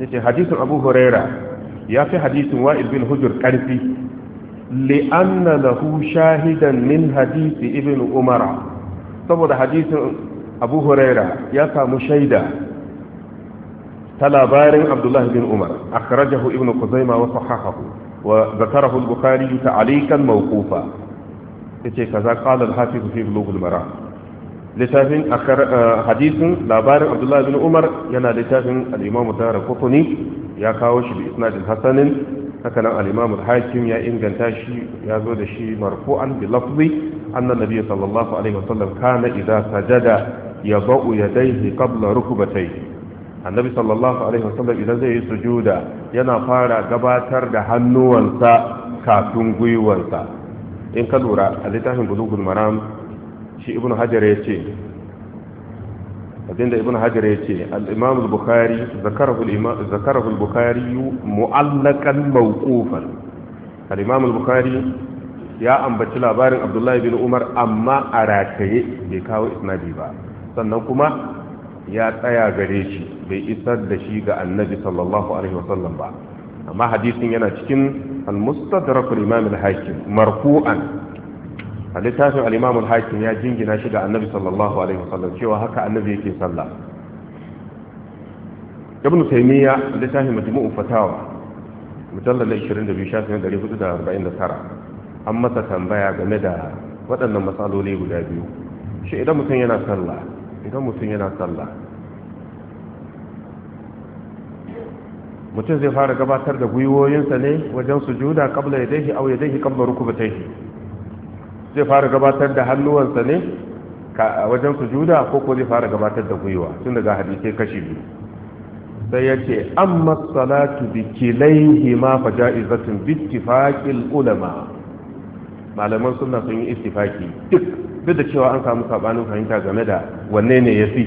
إيشي حديث أبو هريرة يا في حديث وائل بن هجر كارثي li'anna lahu shahidan min hadisi ibn umara saboda hadisin abu huraira ya samu shaida ta labarin abdullahi bin umar akhrajahu ibn kuzaima wa sahahahu wa zakarahu al-bukhari ta'alikan mawqufa yace kaza qala al-hafiz fi bulugh al-maram littafin hadisin labarin abdullahi bin umar yana littafin al-imam darakutuni ya kawo shi bi isnadin Hassanin. haka nan al hakim ya inganta shi ya zo da shi marfu'an bi lafzi anna nabiy sallallahu alaihi wasallam kana idza sajada yadau kabla qabla batai annabi sallallahu alaihi wasallam idan zai yi sujuda yana fara gabatar da hannuwansa kafin gwiwansa in ka lura a littafin bulugul maram shi ibn hajar ya ce abinda ibn hajar ya ce al al-bukhari zakarar al bukhari mu'allaqan mawqufan al al-bukhari ya ambaci labarin abdullahi bin umar amma a rataye bai kawo isnadi ba sannan kuma ya tsaya gare shi bai isar da shi ga annabi sallallahu alaihi wasallam ba amma hadisin yana cikin al-mustadrak al-imam al-hakim marfu'an a littafin al-imam hakim ya jingina shi ga annabi sallallahu alaihi wasallam cewa haka annabi yake sallah ibn taymiya littafin majmu'u fatawa mujallal 22 shafin 449 an masa tambaya game da waɗannan matsaloli guda biyu shi idan mutum yana sallah idan mutum yana sallah mutum zai fara gabatar da gwiwoyinsa ne wajen sujuda kabla ya dahi au ya dahi kabla rukubataihi zai fara gabatar da hannuwansa ne a wajen sujuda ko ko zai fara gabatar da gwiwa tun daga hadisai kashi biyu sai ya ce an salatu bi kilaihi ma fa bi ulama malaman suna sun yi istifaki duk duk da cewa an samu sabanin fahimta game da wanne ne ya fi?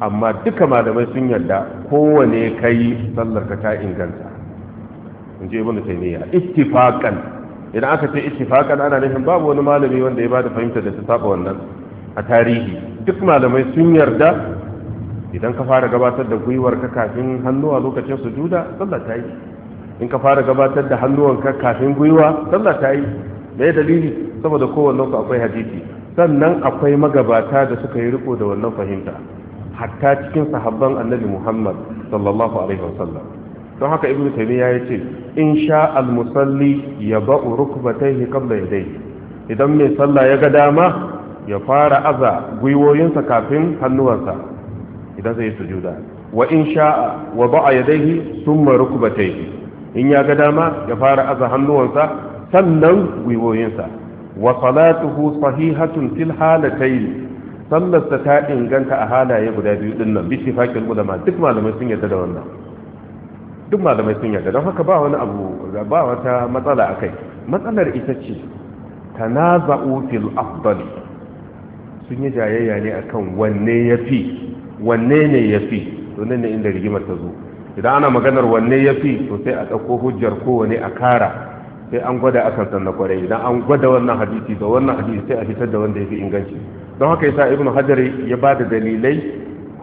amma duka malamai sun yarda kowane kai sallar ka ta inganta in je ibnu taymiya ittifaqan idan aka ce ittifaqan ana nufin babu wani malami wanda ya bada fahimta da ta saba wannan a tarihi duk malamai sun yarda idan ka fara gabatar da gwiwar ka kafin hannuwa lokacin sujuda sallah ta yi in ka fara gabatar da hannuwanka kafin gwiwa sallah ta yi me dalili saboda kowanne ku akwai hadisi sannan akwai magabata da suka yi riko da wannan fahimta hatta cikin sahabban annabi Muhammad sallallahu alaihi wasallam don haka ibnu taymiya ya yi ce in sha al-musalli ya ba'u rukbatayhi qabla yadayhi idan mai sallah ya ga dama ya fara aza gwiwoyinsa kafin hannuwansa idan zai sujuda wa in sha'a wa ba'a yadayhi thumma rukbatayhi in ya ga dama ya fara aza hannuwansa sannan gwiwoyinsa wa salatuhu sahihatun fil halatayn sallarsa ta inganta a halaye guda biyu dinnan bi ittifaqil ulama duk malamai sun yarda da wannan duk malamai sun yarda don haka ba wani abu ba wata matsala a kai matsalar ita ce tanaza'u fil afdali sun yi jayayya ne akan wanne yafi wanne ne yafi to nan ne inda rigimar ta zo idan ana maganar wanne yafi to sai a dauko hujjar kowane a kara sai an gwada akan sanna kwarai idan an gwada wannan hadisi da wannan hadisi sai a fitar da wanda ya fi inganci don haka yasa ibnu hajar ya ba da dalilai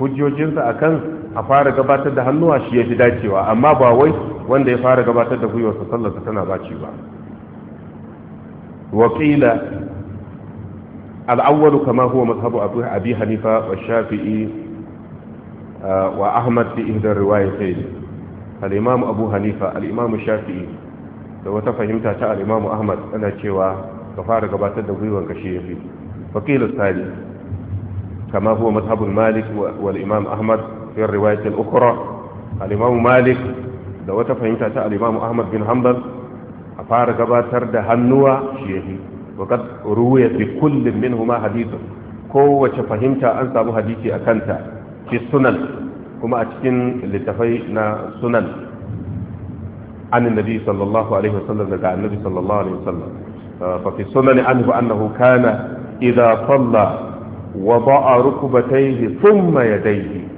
hujjojinsa akan a fara gabatar da hannuwa shi ya ji dacewa amma ba wai wanda ya fara gabatar da gwiwarsa sallarsa tana baci ba wakila al'awwalu kama huwa mazhabu abu abi hanifa wa shafi'i wa ahmad fi ihda riwayatayn al-imam abu hanifa al-imam shafi'i da wata fahimta ta al-imam ahmad ana cewa ka fara gabatar da gwiwanka shi yafi Wakila sali kama huwa mazhabul malik wal imam ahmad وفي الرواية الأخرى الإمام مالك da wata fahimta ta al-Imam Ahmad bin Hanbal a fara gabatar da hannuwa shi yake وقد روي بكل منهما حديث kowace fahimta an samu hadisi a kanta fi sunan kuma a cikin littafai na sunan an nabi sallallahu alaihi wasallam daga annabi sallallahu alaihi wasallam fa fi sunan anhu annahu kana idza salla wada'a rukbatayhi thumma yadayhi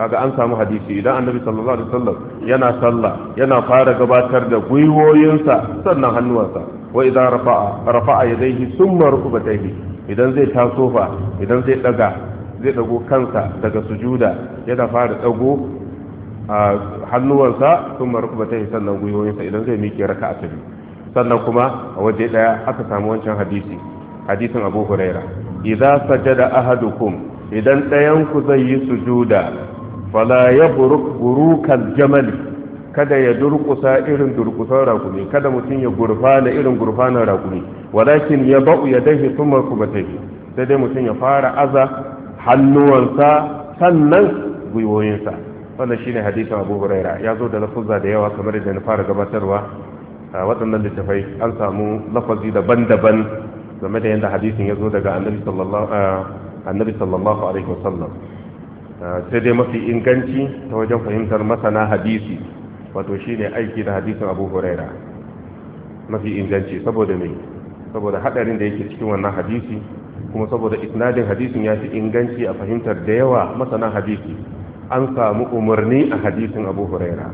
kaga an samu hadisi idan annabi sallallahu alaihi wasallam yana sallah yana fara gabatar da gwiwoyinsa sannan hannuwansa wa idan rafa'a rafa'a yadayhi summa rukbatayhi idan zai taso fa idan zai daga zai dago kansa daga sujuda yana fara dago hannuwansa summa rukbatayhi sannan gwiwoyinsa idan zai miƙe raka'a ta biyu sannan kuma a waje daya aka samu wancan hadisi hadisin Abu Huraira idan sajada ahadukum idan ɗayanku zai yi sujuda fala ya burukan Jamal kada ya durkusa irin durkusan rakumi kada mutum ya gurfana irin gurfanan rakumi walakin ya ba'u ya dahi tumar kuma tafi sai dai mutum ya fara aza hannuwansa sannan gwiwoyinsa wannan shine hadisin abu huraira ya zo da lafuzza da yawa kamar yadda na fara gabatarwa a waɗannan littafai an samu lafazi daban-daban game da yadda hadisin ya zo daga annabi sallallahu alaihi wasallam Ah, sai dai mafi inganci ta wajen fahimtar masana hadisi wato shi ne aiki da hadisin abu huraira mafi inganci saboda mai saboda hadarin da yake cikin wannan hadisi kuma saboda isnadin hadisin ya fi inganci a fahimtar da yawa masana hadisi an samu umarni a hadisin abu huraira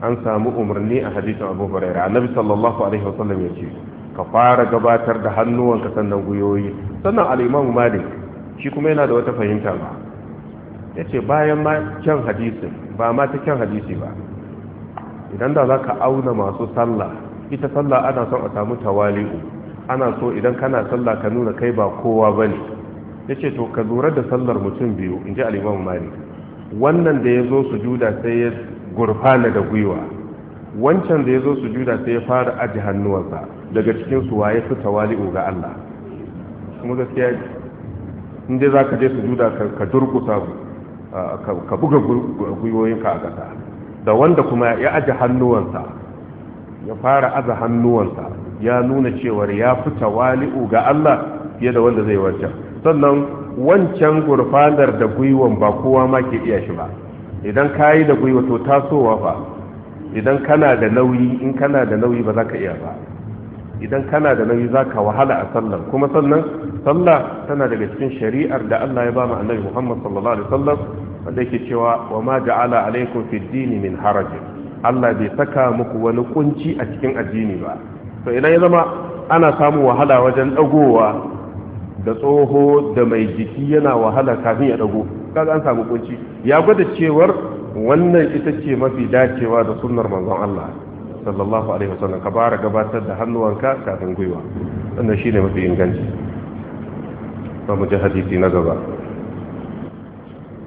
an samu umarni a hadisin abu huraira annabi sallallahu alaihi wasallam ya ce ka fara gabatar da hannuwanka sannan guyoyi sannan al malik shi kuma yana da wata fahimta ba ya ce bayan ma kyan hadisin ba ma ta kyan hadisi ba idan da za ka auna masu sallah ita sallah ana son a samu tawali'u ana so idan kana sallah ka nuna kai ba kowa ba ne ya ce to ka lura da sallar mutum biyu in ji alimamu mari wannan da ya zo su juda sai ya gurfana da gwiwa wancan da ya zo su juda sai ya fara aji hannuwansa daga cikinsu waye fi tawali'u ga allah kuma gaskiya in dai za ka je su juda ka durkusa ka buga gwiwoyinka a gata da wanda kuma ya aji hannuwansa ya fara aza hannuwansa ya nuna cewar ya fita wali'u ga Allah fiye da wanda zai wancan sannan wancan gurfanar da gwiwon ba kowa ma ke iya shi ba idan ka yi da gwiwa to tasowa fa idan kana da nauyi in kana da nauyi ba za ka iya ba idan kana da nauyi za ka wahala a sallar kuma sannan sallah tana daga cikin shari'ar da Allah ya ba mu annabi Muhammad sallallahu alaihi wasallam wanda yake cewa wa ma ja'ala alaikum fi dini min haraj Allah bai saka muku wani kunci a cikin addini ba to idan ya zama ana samu wahala wajen dagowa da tsoho da mai jiki yana wahala kafin ya dago kaga an samu kunci ya gwada cewar wannan ita ce mafi dacewa da sunnar manzon Allah sallallahu alaihi wasallam ka fara gabatar da hannuwanka kafin gwiwa wannan shine mafi inganci ba mu ji hadisi na gaba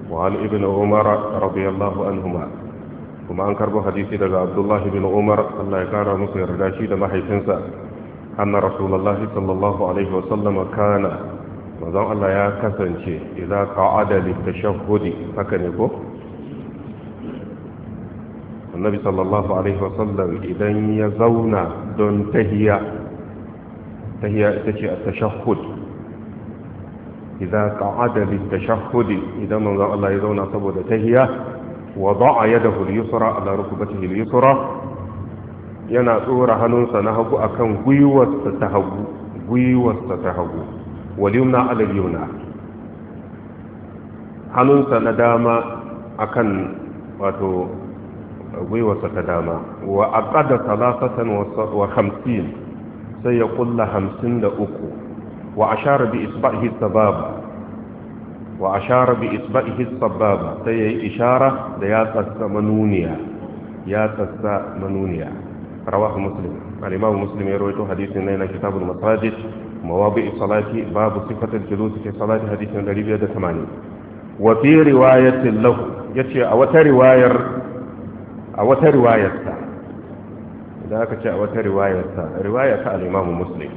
wa an ibnu umar radiyallahu anhuma kuma an karbo hadisi daga abdullahi bin umar Allah ya kara musu yarda shi da mahaifinsa anna rasulullahi sallallahu alaihi wasallam kana manzon Allah ya kasance idza qa'ada litashahhudi haka ne ko annabi sallallahu alaihi wasallam idan ya zauna don tahiya tahiya ita ce a tashahud idan ka'ada littashahudi idan manzan Allah ya zauna saboda tahiya wa za'a yadahu al-yusra ala rukbatihi al-yusra yana tsora hannunsa na hagu akan gwiwarsa ta hagu gwiwarsa ta hagu waliyumna alayyuna hannunsa na dama akan wato gwiwarsa ta dama wa aqada salasatan wa hamsin sai ya kulla hamsin da uku wa ashara bi isba'ihi sababa wa bi sababa sai ya yi ishara da ya tsatsa manuniya ya tsatsa manuniya rawahu muslim al muslim ya rawaito hadisin nan na kitabul masajid مواضع الصلاة باب صفة الجلوس في صلاة حديث النبي 180 وفي رواية له a wata riwayar. a wata riwayarsa idan aka ce a wata riwayarsa riwayarsa al-imamu muslim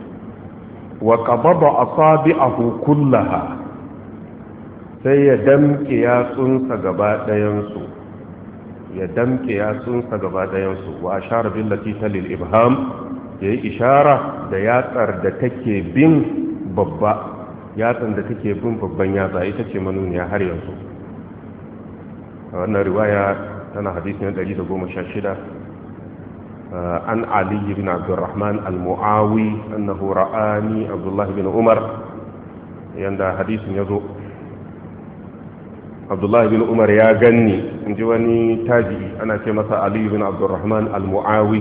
wa qabada asabi'ahu kullaha sai ya damke yatsunsa gaba ɗayansu ya damke yatsunsa gaba ɗayansu wa ashara billati talil ibham yayi ishara da yatsar da take bin babba da take bin babban yatsa ita ce manuniya har yanzu wannan riwaya tana hadisin 116 uh, an aliyu bin abdurrahman al-mu'awi annahu ra'ani abdullah bin umar yadda hadisin ya zo abdullah bin umar ya ganni in ji wani tabi'i ana ce masa aliyu bin abdurrahman al-mu'awi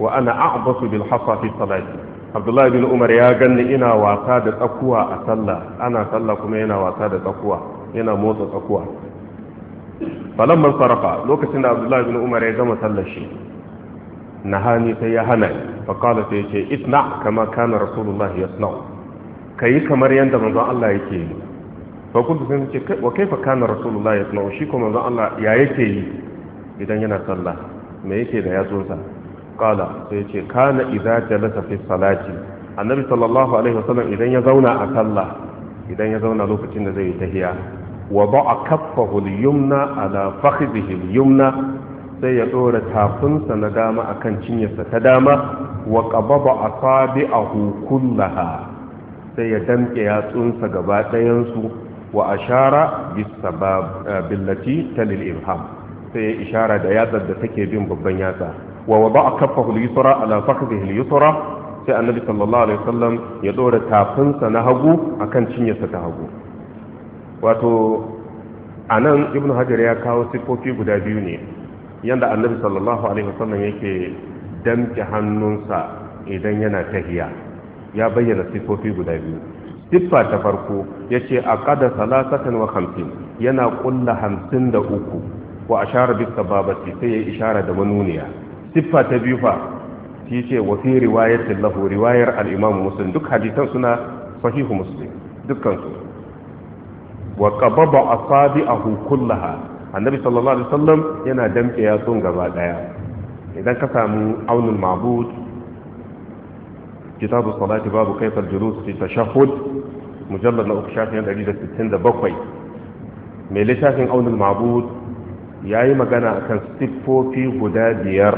wa ana a'basu bil hafa fi salati abdullah bin umar ya ganni ina wasa da tsakuwa a sallah ana sallah kuma yana wasa da tsakuwa yana motsa tsakuwa falamman sarrafa lokacin da abdullahi bin umar ya gama sallar shi na hani sai ya hana faƙala sai ce itna kama kana rasulullahi ya snau ka yi kamar yadda manzon Allah yake yi faƙul da sai ce wa kaifa kana rasulullahi ya snau shi ko manzon Allah ya yake yi idan yana sallah me yake da yatsunsa ƙala sai ce kana idan jalasa fi salati annabi sallallahu alaihi wasallam idan ya zauna a sallah idan ya zauna lokacin da zai yi tahiya وضع كفه اليمنى على فخذه اليمنى sai ya ɗora tafinsa na dama akan kan cinyarsa ta dama wa ƙababa a sabi a hukullaha sai ya damƙe yatsunsa gaba ɗayansu wa ashara eh, billati ta lil'irham sai ya ishara da yatsar da take bin babban yatsa wa wada a kafa hulusura ala fakadhi hulusura sai annabi sallallahu alaihi wasallam ya ɗora tafinsa na hagu akan cinyarsa ta hagu wato a nan ibn hajar ya kawo siffofi guda biyu ne yadda annabi sallallahu alaihi wasallam yake damke hannunsa idan yana tahiya ya bayyana siffofi guda biyu siffa ta farko ya ce a kada salasatan wa hamsin yana kulla hamsin da uku wa a shara bisa babati sai ya ishara da manuniya siffa ta biyu fa shi ce wa fi riwayatin lahu riwayar al'imamu muslim duk hadisan suna sahihu muslim dukkansu wa qababa asabi'ahu kullaha annabi sallallahu alaihi wasallam yana damke yatsun gaba daya idan ka samu aunul mabud kitabu salati babu kaifar julus fi tashahhud mujallad na uku shafin 167 mai littafin aunul mabud yayi magana akan siffofi guda biyar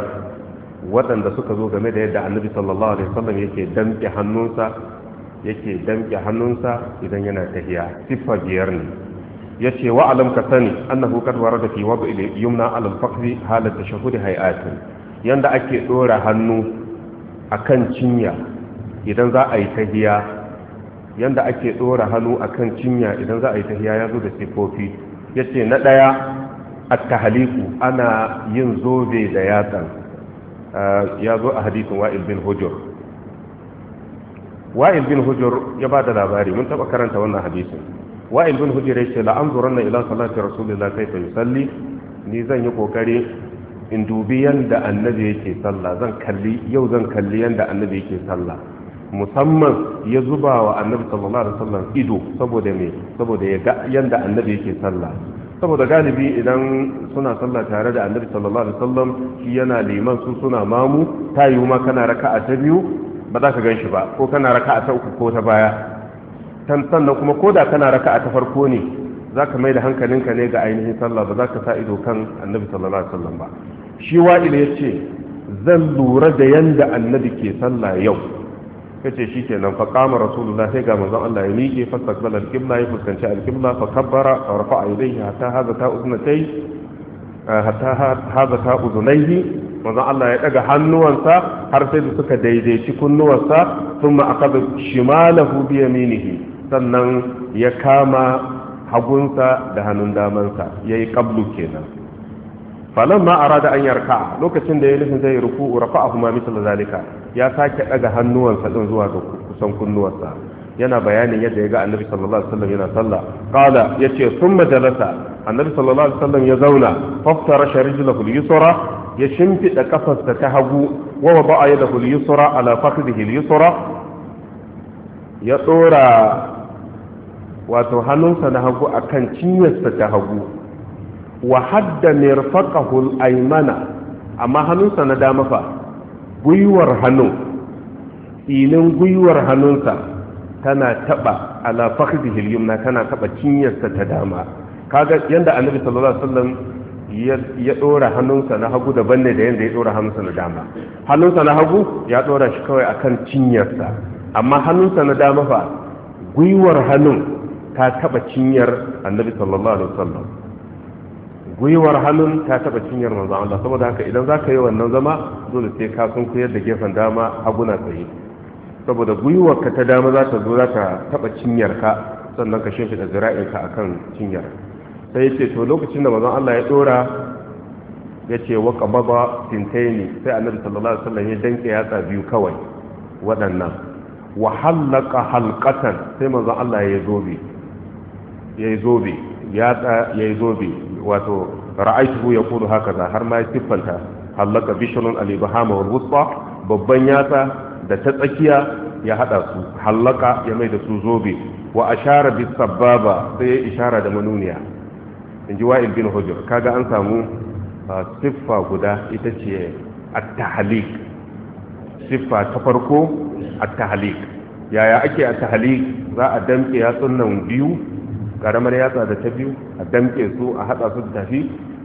waɗanda suka zo game da yadda annabi sallallahu alaihi wasallam yake damke hannunsa yake damƙe hannunsa idan yana tahiya siffa biyar ne ya ce wa alam ka sani annahu kad warada fi wad'i yumna alal faqri halat tashahhud hay'atin yanda ake dora hannu akan cinya idan za a yi tahiya yanda ake dora hannu akan cinya idan za a yi tahiya ya zo da sifofi yace na daya at tahaliku ana yin zobe da yatsan ah, ya zo a hadisin wa'il bin hujur wa'il bin hujur ya ba da labari mun taba karanta wannan hadisin wa'il bin hujur ya ce la'anzuranna ila salati rasulillah kaifa yusalli ni zan yi kokari in dubi yanda annabi yake sallah zan kalli yau zan kalli yanda annabi yake sallah musamman ya zuba wa annabi sallallahu alaihi wasallam ido saboda me saboda ya ga yanda annabi yake sallah saboda galibi idan suna sallah tare da annabi sallallahu alaihi wasallam shi yana liman su suna mamu tayu ma kana raka'a ta biyu ba za ka gan shi ba ko kana a ta uku ko ta baya Tan sannan kuma ko da kana a ta farko ne za ka mai da hankalinka ne ga ainihin sallah ba za ka sa ido kan annabi sallallahu alaihi wasallam ba shi wa'ila ya ce zan lura da yanda annabi ke sallah yau kace nan fa qama rasulullah sai ga manzon Allah ya miƙe fastaqbala al ya fuskanci al-qibla fa kabbara fa rafa'a ilayhi hatta ta hatta ta manzon Allah ya daga hannuwansa har sai da suka daidaici kunnuwansa thumma aqada shimalahu bi yaminihi sannan ya kama hagunsa da hannun damansa yayi kablu kenan Falon a rada an yarka lokacin da ya nufin zai a kuma mithla zalika ya sake daga hannuwansa din zuwa ga kusan kunnuwansa yana bayanin yadda ya ga annabi sallallahu alaihi wasallam yana sallah qala yace thumma jalasa annabi sallallahu alaihi wasallam ya zauna faftara sharijlahu al-yusra ya shimfiɗa ƙasarsa ta hagu wa ba a yadda hulisura ala fakhdihi lisura ya ɗora wato hannunsa na hagu akan cinyarsa ta hagu wa hadda mirfaqahu al aimana, amma hannunsa na dama fa gwiwar hannu ilin gwiwar hannunsa tana taɓa ala fakhdihi al-yumna tana taɓa cinyarsa ta dama kaga yanda annabi sallallahu alaihi wasallam ya ɗora hannunsa na hagu daban ne da yadda ya ɗora hannunsa na dama hannunsa na hagu ya dora shi kawai akan cinyarsa amma hannunsa na dama fa gwiwar hannun ta taba cinyar annabi sallallahu alaihi wasallam gwiwar hannun ta taba cinyar manzon Allah saboda haka idan zaka yi wannan zama dole sai ka sunkuyar da gefen dama hagu na tsaye saboda gwiwar ka ta dama za ta zo za ta taba cinyar ka sannan ka shimfiɗa zira'inka akan cinyar sai ce to lokacin da mazan Allah ya dora ya ce wa kamaba ne sai annabi sallallahu alaihi wasallam ya danke yatsa biyu kawai waɗannan wa halaka halqatan sai mazan Allah ya zobe ya zobe yatsa ya zobe wato ra'aytuhu yaqulu hakaza har ma ya siffanta halaka bishrun al-ibhama wal wusta babban yatsa da ta tsakiya ya hada su halaka ya mai da su zobe wa ashara bis sababa sai ya ishara da manuniya in ji wa'il bin hujjar kaga an samu ah, siffa guda ita ce a tahalik siffa ta farko a tahalik yaya ake a tahalik za a damke yatsunan biyu ƙaramar yatsa da ta biyu a damke su a hada su tafi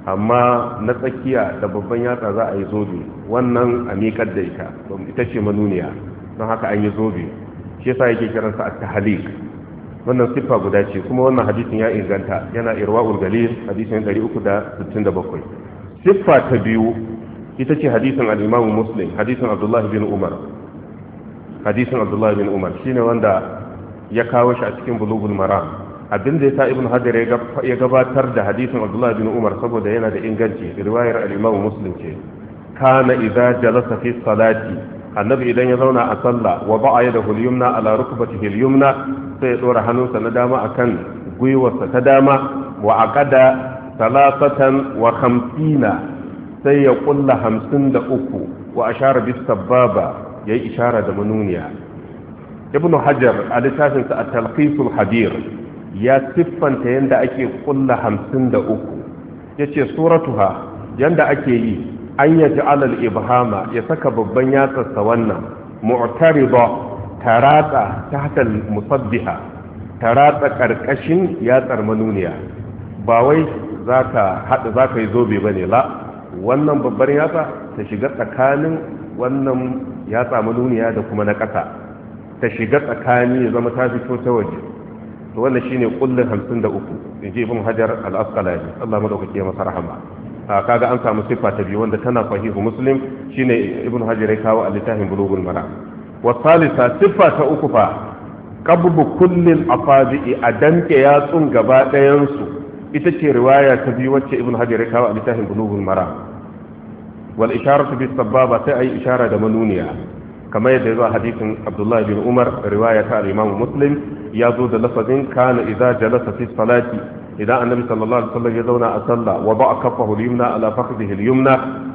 amma na tsakiya da babban yatsa za a yi zobe wannan a miƙar da ita ita ce manuniya don haka an yi zobe shi yasa yake kiransa a tahalik wannan siffa guda ce kuma wannan hadisin ya inganta yana irwa'ul galil hadisin 367 siffa ta biyu ita ce hadisin al Muslim hadisin abdullahi bin Umar hadisin Abdullahi bin Umar shine wanda ya kawo shi a cikin bulugul maram abin da ya sa ibn hajar ya gabatar da hadisin abdullahi bin umar saboda yana da inganci riwayar al muslim ce kana idza jalasa fi salati annabi idan ya zauna a sallah wa ba'a yadahu al-yumna ala rukbatihi al-yumna sai ya ɗora hannunsa na dama akan gwiwarsa ta dama wa kada talatatan wa hamsina sai ya ƙulla hamsin da uku wa ashara bis sababa ya yi ishara da manuniya ibnu hajar a littafinsa a talqisul hadir ya siffanta yadda ake ƙulla hamsin da uku ya ce suratuha yadda ake yi an ya ji alal ibhama ya saka babban yatsarsa wannan mu'tariba ta ratsa ta hatal musabbiha ta ratsa ƙarƙashin yatsar manuniya ba wai za ka haɗa za ka yi zobe ba ne la wannan babbar yatsa ta shiga tsakanin wannan yatsa manuniya da kuma na ƙasa ta shiga tsakani ya zama ta fito ta waje to wannan shine kullun 53 inji ibn hajar al-asqalani Allah madaukake masa rahama kaga an samu siffa ta biyu wanda tana sahihu muslim shine ibn hajar ya kawo a littafin bulugul maram wa siffa ta uku fa kabbu kullin afaji a danke yatsun gaba ɗayan ita ce riwaya ta biyu wacce ibn hajar ya kawo a littafin bulughul mara wal isharatu bis sababa sai ayi ishara da manuniya kamar yadda zuwa hadisin abdullahi bin umar riwaya ta al muslim ya zo da lafazin kana idza jalasa fi salati idan annabi sallallahu alaihi wasallam ya zauna a sallah wa ba'a kaffahu al-yumna ala fakhdihi al-yumna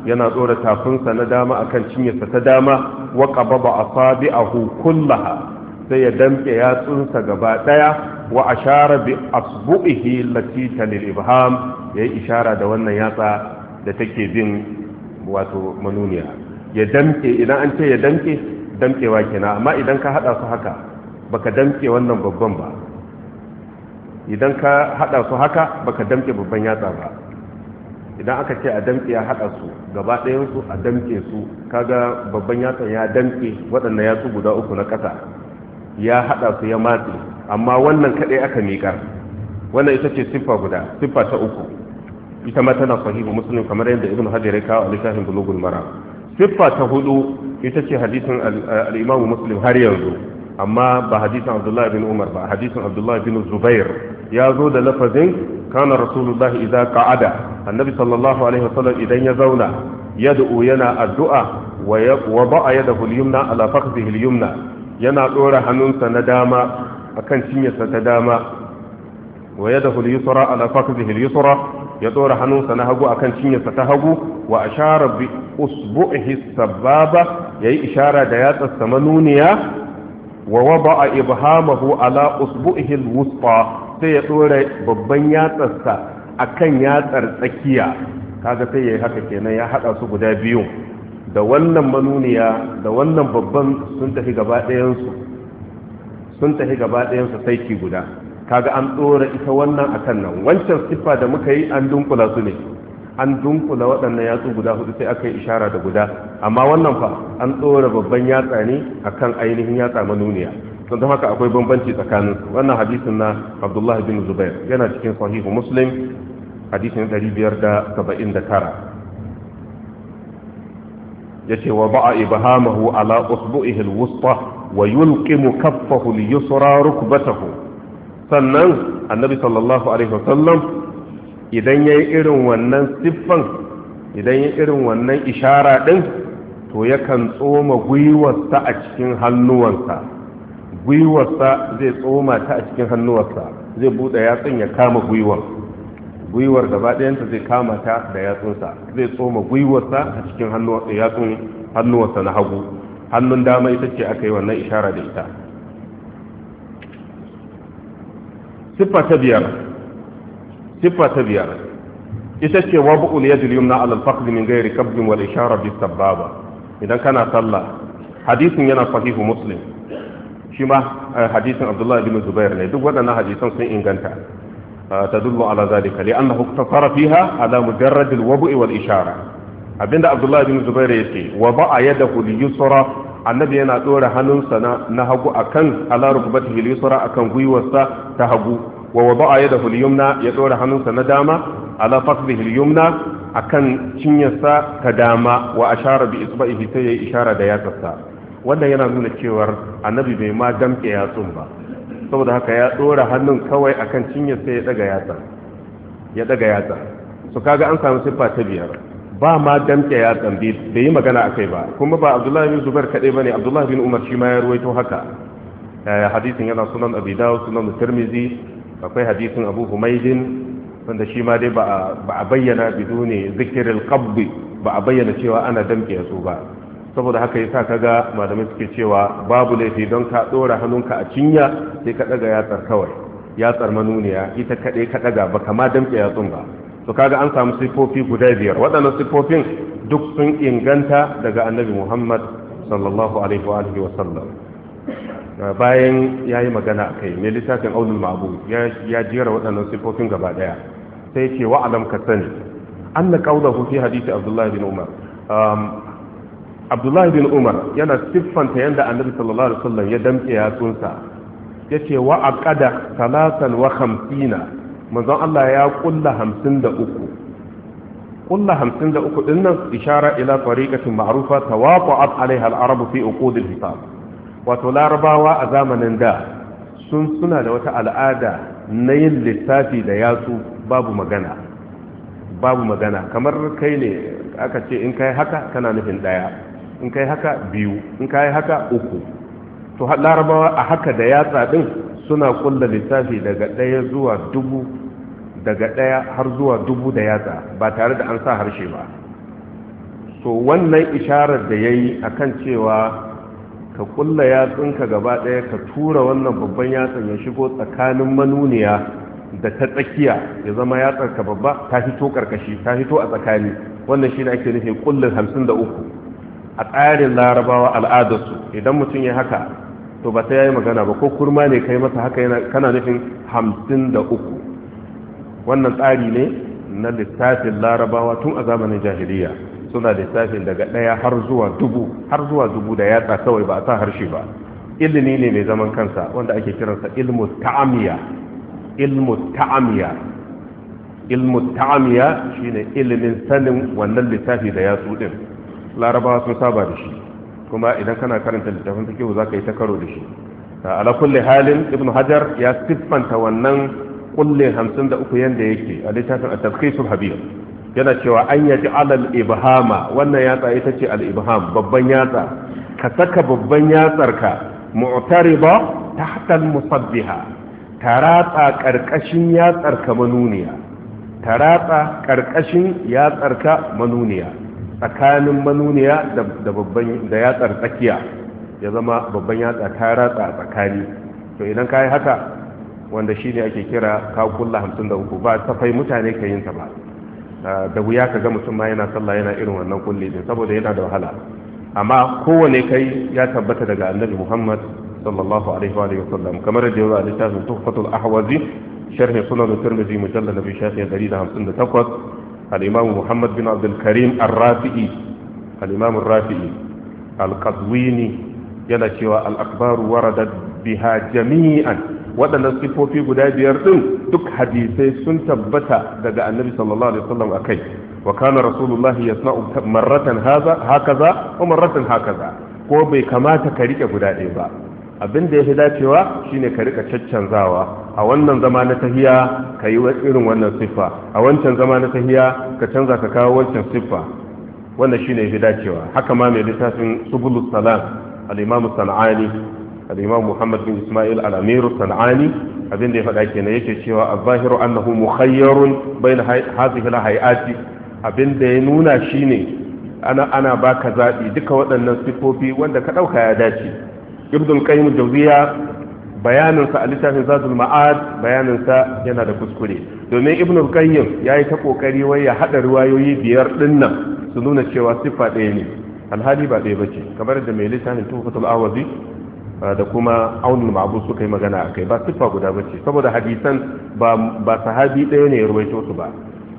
yana tsora tafinsa na dama akan cinyarsa ta dama wa qabada asabi'ahu kullaha sai ya damke yatsunsa gaba daya wa ashara bi asbu'ihi lati talil ibham yayi ishara da wannan yatsa da take bin wato manuniya ya damke idan an ce ya damke damkewa kenan amma idan ka hada su haka baka damke wannan babban ba idan ka hada su haka baka damke babban yatsa ba idan aka ce a damke ya hada su gaba ɗayansu a damke su kaga babban yatsan ya damke waɗannan yatsu guda uku na ƙasa ya hada su ya matse amma wannan kaɗai aka miƙa wannan ita ce siffa guda siffa ta uku ita ma tana sahihu musulun kamar yadda ibn hajar ya kawo a littafin bulugul mara siffa ta hudu ita ce hadisin al'imamu imam har yanzu amma ba hadisin abdullahi bin umar ba hadisin abdullahi bin zubair ya zo da lafazin kana rasulullahi idza qa'ada annabi sallallahu alaihi wasallam idan ya zauna yad'u yana addu'a wa wada'a yadahu al-yumna ala fakhdihi al-yumna yana dora hannunsa na dama akan cinyarsa ta dama wa yadahu al-yusra ala fakhdihi al-yusra ya dora hannunsa na hagu akan cinyarsa ta hagu wa ashara bi usbu'ihi sababa yayi ishara da yatsarsa manuniya wa a ibhamahu ala usbu'ihi wusfa sai ya dora babban yatsarsa akan yatsar tsakiya kaga sai yi haka kenan ya haɗa su guda biyu da wannan manuniya da wannan babban sun tafi gaba ɗayansu sun tafi gaba ɗayansu saiki guda kaga an dora ita wannan akan nan wancan siffa da muka yi an dunkula su ne an dunkula waɗannan yatsu guda hudu sai aka yi ishara da guda amma wannan fa an tsora babban yatsa ne akan ainihin yatsa manuniya don haka akwai bambanci tsakanin wannan hadisin na abdullahi bin zubair yana cikin sahihu muslim hadisin 579 ya ce wa ba'a ibhamahu ala usbu'ihi alwusta wa yulqimu kaffahu liyusra rukbatahu sannan annabi sallallahu alaihi wasallam idan ya yi irin wannan siffan idan ya irin wannan ishara ɗin to yakan tsoma gwiwarsa a cikin hannuwansa gwiwarsa zai tsoma ta a cikin hannuwarsa zai buɗe yatsun ya kama gwiwar gwiwar gaba ɗayanta zai kama ta da yatsunsa zai tsoma gwiwarsa a cikin yatsun hannuwarsa na hagu hannun dama ita ce aka yi wannan ishara da ita siffa ta biyar siffa ta biyar ita ce wa bu'ul yadul yumna ala al-faqd min ghairi qabdin wal ishara bis idan kana sallah hadisin yana sahihu muslim shima ma eh, hadisin abdullahi bin zubair ne duk waɗannan hadisan sun inganta eh, tadullu ala zalika li annahu iktasara fiha ala mujarrad al-wabu' wal abinda abdullahi bin ya ce wa ba'a yadahu li yusra annabi yana dora hannunsa na hagu akan ala rukbatihi li yusra akan gwiwarsa ta hagu wa wada'a yadahu al-yumna ya dora hannunsa na dama ala da al-yumna akan cinyarsa ta dama wa ashara bi isba'ihi sai yayi ishara da yatsarsa wannan yana nuna cewar annabi bai ma damke yatsun ba saboda haka ya dora hannun kawai akan cinyarsa ya daga yatsa. ya daga yatsa. su kaga an samu siffa ta biyar ba ma damke yatsan bi da yi magana akai ba kuma ba abdullahi bin zubair kadai bane abdullahi bin umar shi ma ya ruwaito haka eh, hadisin yana sunan abi dawud sunan Tirmizi. akwai hadisin abu humaidin wanda shi ma dai ba a bayyana bidu ne zikirin kabbi ba a bayyana cewa ana damke su ba saboda haka sa ka ga malamai suke cewa babu laifi don ka dora hannunka a cinya sai ka daga yatsar kawai yatsar manuniya ita kaɗai ka daga ba kama damke yatsun ba to kaga an samu sifofi guda biyar waɗannan sifofin duk sun inganta daga annabi muhammad sallallahu alaihi wa sallam Ah, bayan ya yi magana a kai mai littafin aunin ma'abu ya jera waɗannan siffofin gaba ɗaya sai ce wa alam ka sani an na ƙaunar fi hadisi abdullahi bin umar um, abdullahi bin umar yana siffanta yadda annabi sallallahu alaihi wasallam ya damƙe yatsunsa ya ce wa a ƙada talatan wa hamsina manzon allah ya kulla hamsin da uku kulla hamsin da uku ɗin nan ishara ila tariƙatin ma'arufa tawafu'at alaiha al'arabu fi da hisab wato larabawa a zamanin da sun suna da wata al'ada na yin lissafi da yatsu babu magana babu magana kamar kai ne aka ce in kai haka kana nufin daya in kai haka biyu in kai haka uku to larabawa a haka da yatsa din suna kulla littafi daga daya zuwa dubu daga daya har zuwa dubu da yatsa ba tare da an sa harshe ba so wannan isharar da ya yi a kan cewa ka kulla yatsunka gaba ɗaya ka tura wannan babban yatsan ya shigo tsakanin manuniya da ta tsakiya ya zama yatsarka babba ta fito karkashi ta fito a tsakani wannan shi ne ake nufi kullin hamsin da uku a tsarin larabawa al'adarsu idan mutum ya haka to ba ta yayi magana ba ko kurma ne kai masa haka kana nufin hamsin da uku wannan tsari ne na littafin larabawa tun a zamanin jahiliya suna lissafin daga ɗaya har zuwa dubu har zuwa dubu da yatsa kawai ba a sa harshe ba ilimi ne mai zaman kansa wanda ake kiransa ilmu ta'amiya ilmu ta'amiya ilmu ta'amiya shine ilimin sanin wannan litafi da yatsu din larabawa sun saba da shi kuma idan kana karanta littafin fikihu za ka yi ta karo da shi ala kulli halin ibnu hajar ya siffanta wannan kullin 53 yanda yake a littafin at-tafsirul habib yana cewa an yaji alal ibhama wannan yatsa ita ce al ibham babban yatsa ka saka babban yatsarka mu'tariba tahta al musabbiha ratsa karkashin yatsarka manuniya ratsa karkashin yatsarka manuniya tsakanin manuniya da babban da yatsar tsakiya ya zama babban yatsa ta ratsa tsakani to idan kai haka wanda shine ake kira kakulla 53 ba fai mutane ka yin ta ba Ah, da wuya ka ga mutum ma yana sallah yana irin wannan kulli din saboda yana da wahala amma kowane kai ya tabbata daga annabi Muhammad sallallahu alaihi wa sallam kamar da yawa littafin tuhfatul ahwazi sharh sunan tirmidhi mujallad bi shafi 158 al-imam Muhammad bin Abdul Karim ar-Rafi'i al-imam ar-Rafi'i al-Qazwini yana cewa al-akhbar waradat biha jami'an waɗannan sifofi guda biyar ɗin duk hadisai sun tabbata daga annabi sallallahu alaihi wasallam akai wa kana rasulullahi yasna'u marratan haza hakaza wa marratan hakaza ko bai kamata ka rike guda ɗaya ba abin da ya fi dacewa shine ka rika caccanzawa a wannan zama na tahiya ka yi irin wannan siffa a wancan zama na tahiya ka canza ka kawo wancan siffa wannan shine ya fi dacewa haka ma mai littafin subulus salam al-imamu al-imam Muhammad bin Ismail al-Amir sanani abin da ya faɗa kenan yake cewa az-zahiru annahu mukhayyarun bayna hadhihi al-hayati abin da ya nuna shine ana ana baka zaɗi duka waɗannan sifofi wanda ka dauka ya dace ibn qayyim jawziya bayanin a littafin zadul ma'ad bayanin yana da kuskure domin ibn ya yi ta kokari wai ya haɗa riwayoyi biyar dinnan su nuna cewa siffa ɗaya ne alhali ba ɗaya bace kamar da mai littafin tuhfatul awazi da kuma aunin ma'abu suka yi magana a kai ba siffa guda ba ce saboda hadisan ba sahabi ɗaya ne ya rubaito su ba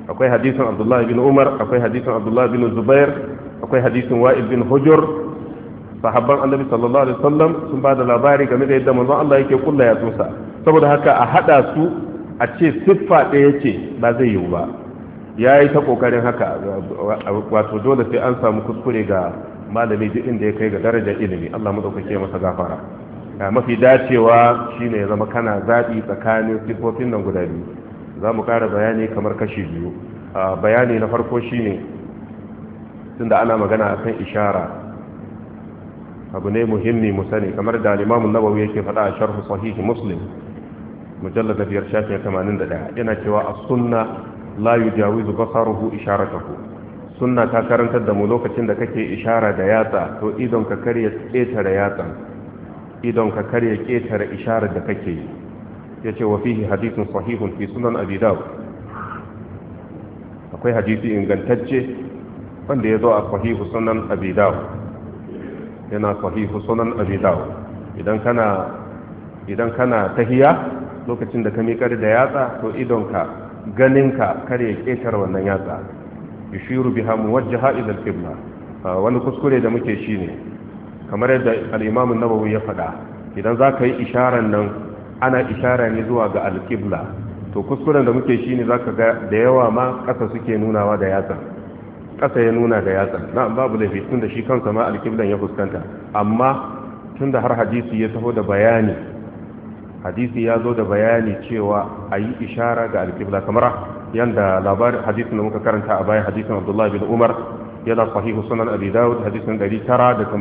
akwai hadisan abdullahi bin umar akwai hadisan abdullahi bin zubair akwai hadisan wa'id bin hujur sahabban annabi sallallahu alaihi wasallam sun ba da labari game da yadda manzon Allah yake kulla ya tusa saboda haka a haɗa su a ce siffa ɗaya ce ba zai yiwu ba ya yi ta kokarin haka wato dole sai an samu kuskure ga malami duk inda ya kai ga darajar ilimi Allah madaukake masa gafara mafi dacewa shine ya zama kana zaɓi tsakanin sifofin nan guda biyu za mu ƙara bayani kamar kashi biyu bayani na farko shine tunda ana magana akan ishara abu ne muhimmi mu sani kamar da limamun nawawi yake faɗa a sharhu sahihi muslim mujallar da biyar shafin 81 yana cewa a sunna la yujawizu basaruhu isharatahu sunna ta karantar da mu lokacin da kake ishara da yatsa to idon ka karya ƙetare yatsan idon ka karya ƙetare isharar da kake yi ya ce wa fihi hadisin sahihun fi sunan abi akwai hadisi ingantacce wanda ya zo a sahihu sunan abi yana sahihu sunan abi idan kana idan kana tahiya lokacin da ka miƙar da yatsa to idonka ganinka kar ya ƙetare wannan yatsa yushiru biha muwajjaha ila al-qibla ah, wani kuskure da muke shine kamar yadda al-imam an-nawawi ya faɗa idan zaka yi isharar nan ana ishara ne zuwa ga al-qibla to kuskuren da muke shine zaka ga da yawa ma ƙasa suke nunawa da yatsa ƙasa ya nuna da yatsa na'am babu laifi da shi kansa ma al-qiblan ya fuskanta amma tunda har hadisi ya taho da bayani hadisi ya zo da bayani cewa ayi ishara ga al-qibla kamar yanda labarin hadisin da muka karanta a bayan hadisin abdullahi bin umar yana sahihu sunan abi dawud hadisin 989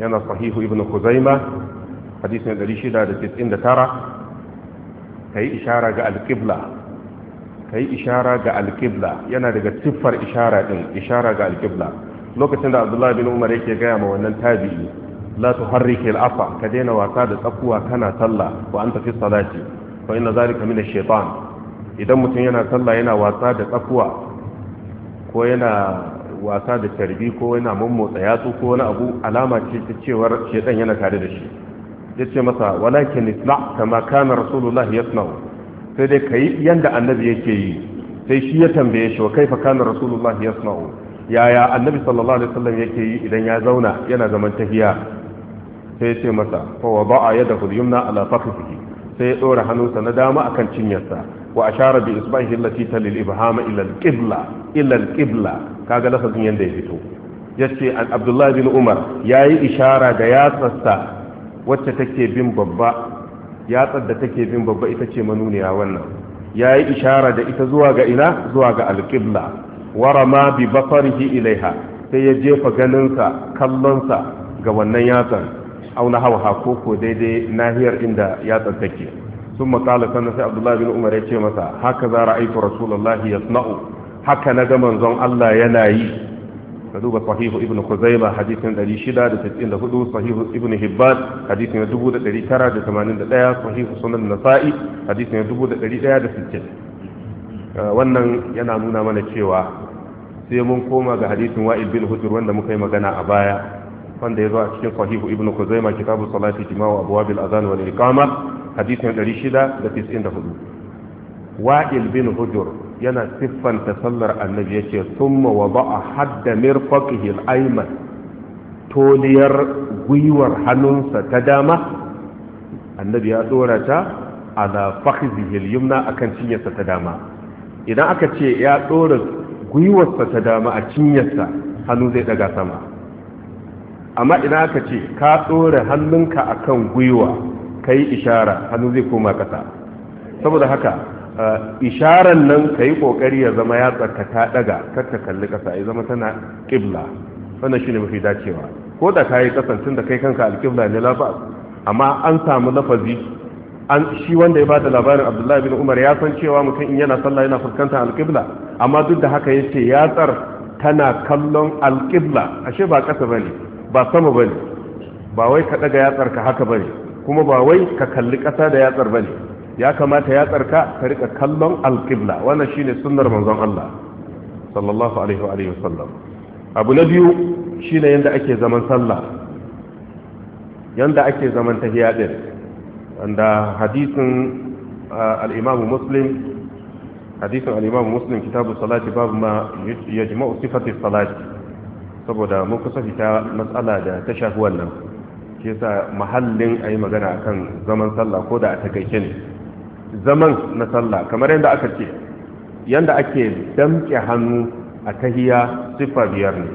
yana sahihu ibn kuzaima hadisin 699 kai ishara ga alqibla kai ishara ga alqibla yana daga siffar ishara din ishara ga alqibla lokacin da abdullahi bin umar yake gaya ma wannan tabi'i la tuharrike al-afa ka daina wasa da tsakuwa kana sallah wa anta fi salati fa inna zalika min ash-shaytan idan mutum yana sallah yana wasa da tsakuwa ko yana wasa da tarbi ko yana mummotsa yatsu ko wani abu alama ce ta cewar shaytan yana tare da shi yace masa walakin isla kama kana rasulullah yasna'u sai dai kai yanda annabi yake yi sai shi ya tambaye shi wa kaifa kana rasulullah yasna'u yaya annabi sallallahu alaihi wasallam yake yi idan ya zauna yana zaman tahiya sai ya ce masa fa wada'a yadahu al-yumna ala fakhidhihi sai ya ɗora hannunsa na dama akan cinyarsa wa ashara bi isbahi ta lil ibhama ila al-qibla ila al-qibla kaga lafazin yanda ya fito yace an abdullah bin umar yayi ishara da yatsarsa wacce take bin babba yatsar da take bin babba ita ce manuniya wannan yayi ishara da ita zuwa ga ina zuwa ga al-qibla warama bi basarihi ilaiha sai ya jefa ganinsa kallonsa ga wannan yatsar auna hawa ha koko daidai nahiyar inda ya tsantake sun makala sannan sai abdullahi bin umar ya ce masa haka za ra'aitu rasulullahi yasna'u haka na ga manzon Allah yana yi ka duba sahihu ibn khuzaima hadisin 694 sahihu ibn hibban hadisin 1981 sahihu sunan nasa'i hadisin 1160 wannan yana nuna mana cewa sai mun koma ga hadisin wa'il bin hujr wanda muka yi magana a baya wanda ya zo a cikin sahihu ibn kuzaima kitabu salati jima'u abwabil azan wal iqama hadisin 694 wa'il bin hujur yana siffanta sallar annabi yace thumma ba hadda mirfaqihi al-ayman toliyar gwiwar hannunsa ta dama annabi ya dora ta ala fakhizihi al-yumna akan cinyarsa ta dama idan aka ce ya dora gwiwarsa ta dama a cinyarsa hannu zai daga sama amma ina aka ce ka tsore hannunka akan gwiwa ka yi ishara hannu zai koma ƙasa saboda haka isharar nan ka yi ƙoƙari ya zama ya tsakata daga kakka kalli ƙasa ya zama tana ƙibla wannan shi mafi dacewa ko da ka yi ƙasan da kai kanka alƙibla ne lafa amma an samu lafazi an shi wanda ya bada labarin abdullahi bin umar ya san cewa mutum in yana sallah yana fuskantar alƙibla amma duk da haka ya ce yatsar tana kallon alƙibla ashe ba ƙasa ba ne ba sama ba ne ba wai ka ɗaga yatsar ka haka ba ne kuma ba wai ka kalli ƙasa da yatsar ba ne ya kamata yatsar ka ka riƙa kallon alƙibla wannan ne sunnar manzon Allah sallallahu alaihi wa alihi wasallam abu na biyu shi shine yanda ake zaman sallah yanda ake zaman ta din wanda hadisin uh, al Muslim hadisin al-Imam Muslim kitabu salati babu ma yajma'u sifati salati saboda mun kusa fita matsala da ta shafi wannan ke sa mahallin a yi magana akan zaman sallah ko da a takaice ne zaman na sallah kamar yadda aka ce yadda ake damke hannu a tahiya siffa biyar ne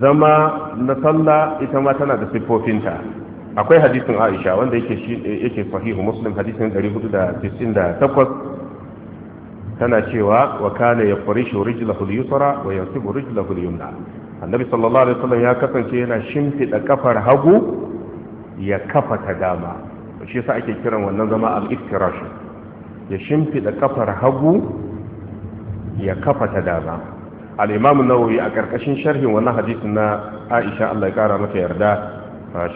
zama na sallah ita ma tana da siffofinta akwai hadisin aisha wanda yake yake sahihu muslim hadisin 498 tana cewa wa kana yafrishu rijlahu al-yusra wa yansibu rijlahu al-yumna annabi sallallahu alaihi wasallam ya kasance yana shimfida kafar hagu ya kafa ta dama shi yasa ake kiran wannan zama al-iftirash ya shimfida kafar hagu ya kafa ta dama al-imam an-nawawi a karkashin sharhin wannan hadisin na Aisha Allah ya kara mata yarda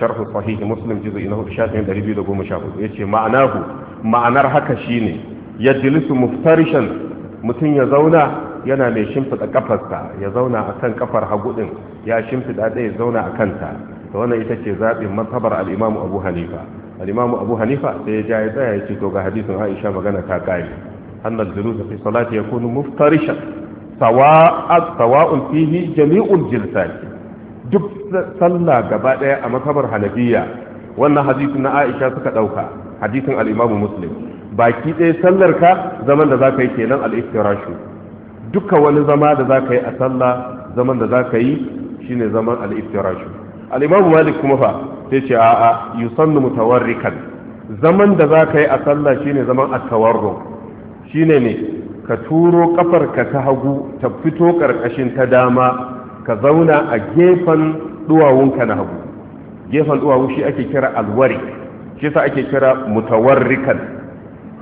sharh sahih muslim juz'i na 1214 yace ma'anahu ma'anar haka shine yajlisu muftarishan mutum ya zauna yana mai shimfiɗa kafarsa ya zauna a kan kafar hagu ɗin ya shimfiɗa ɗaya zauna a kanta ta wannan ita ce zaɓin matsabar al'imamu abu hanifa al'imamu abu hanifa sai ya ja ya tsaya ya ce to ga hadisin aisha magana ta ƙari annal julusa fi salati yakunu muftarishan sawa'at sawa'un fihi jami'ul jilsati duk sallah gaba ɗaya a matsabar hanabiya wannan hadisin na aisha suka ɗauka hadisin al'imamu muslim baki ɗaya sallar ka zaman da za ka yi kenan al'iftirashu duka wani zama da za ka yi a sallah zaman da za ka yi shine zaman al-iftirashu malik kuma fa sai ce a'a yusannu mutawarrikan zaman da za ka yi a sallah shine zaman a tawarro. shine ne ka turo kafarka ta hagu ta fito karkashin ta dama ka zauna a gefen duwawunka na hagu gefen duwawu shi ake kira alwari shi yasa ake kira mutawarrikan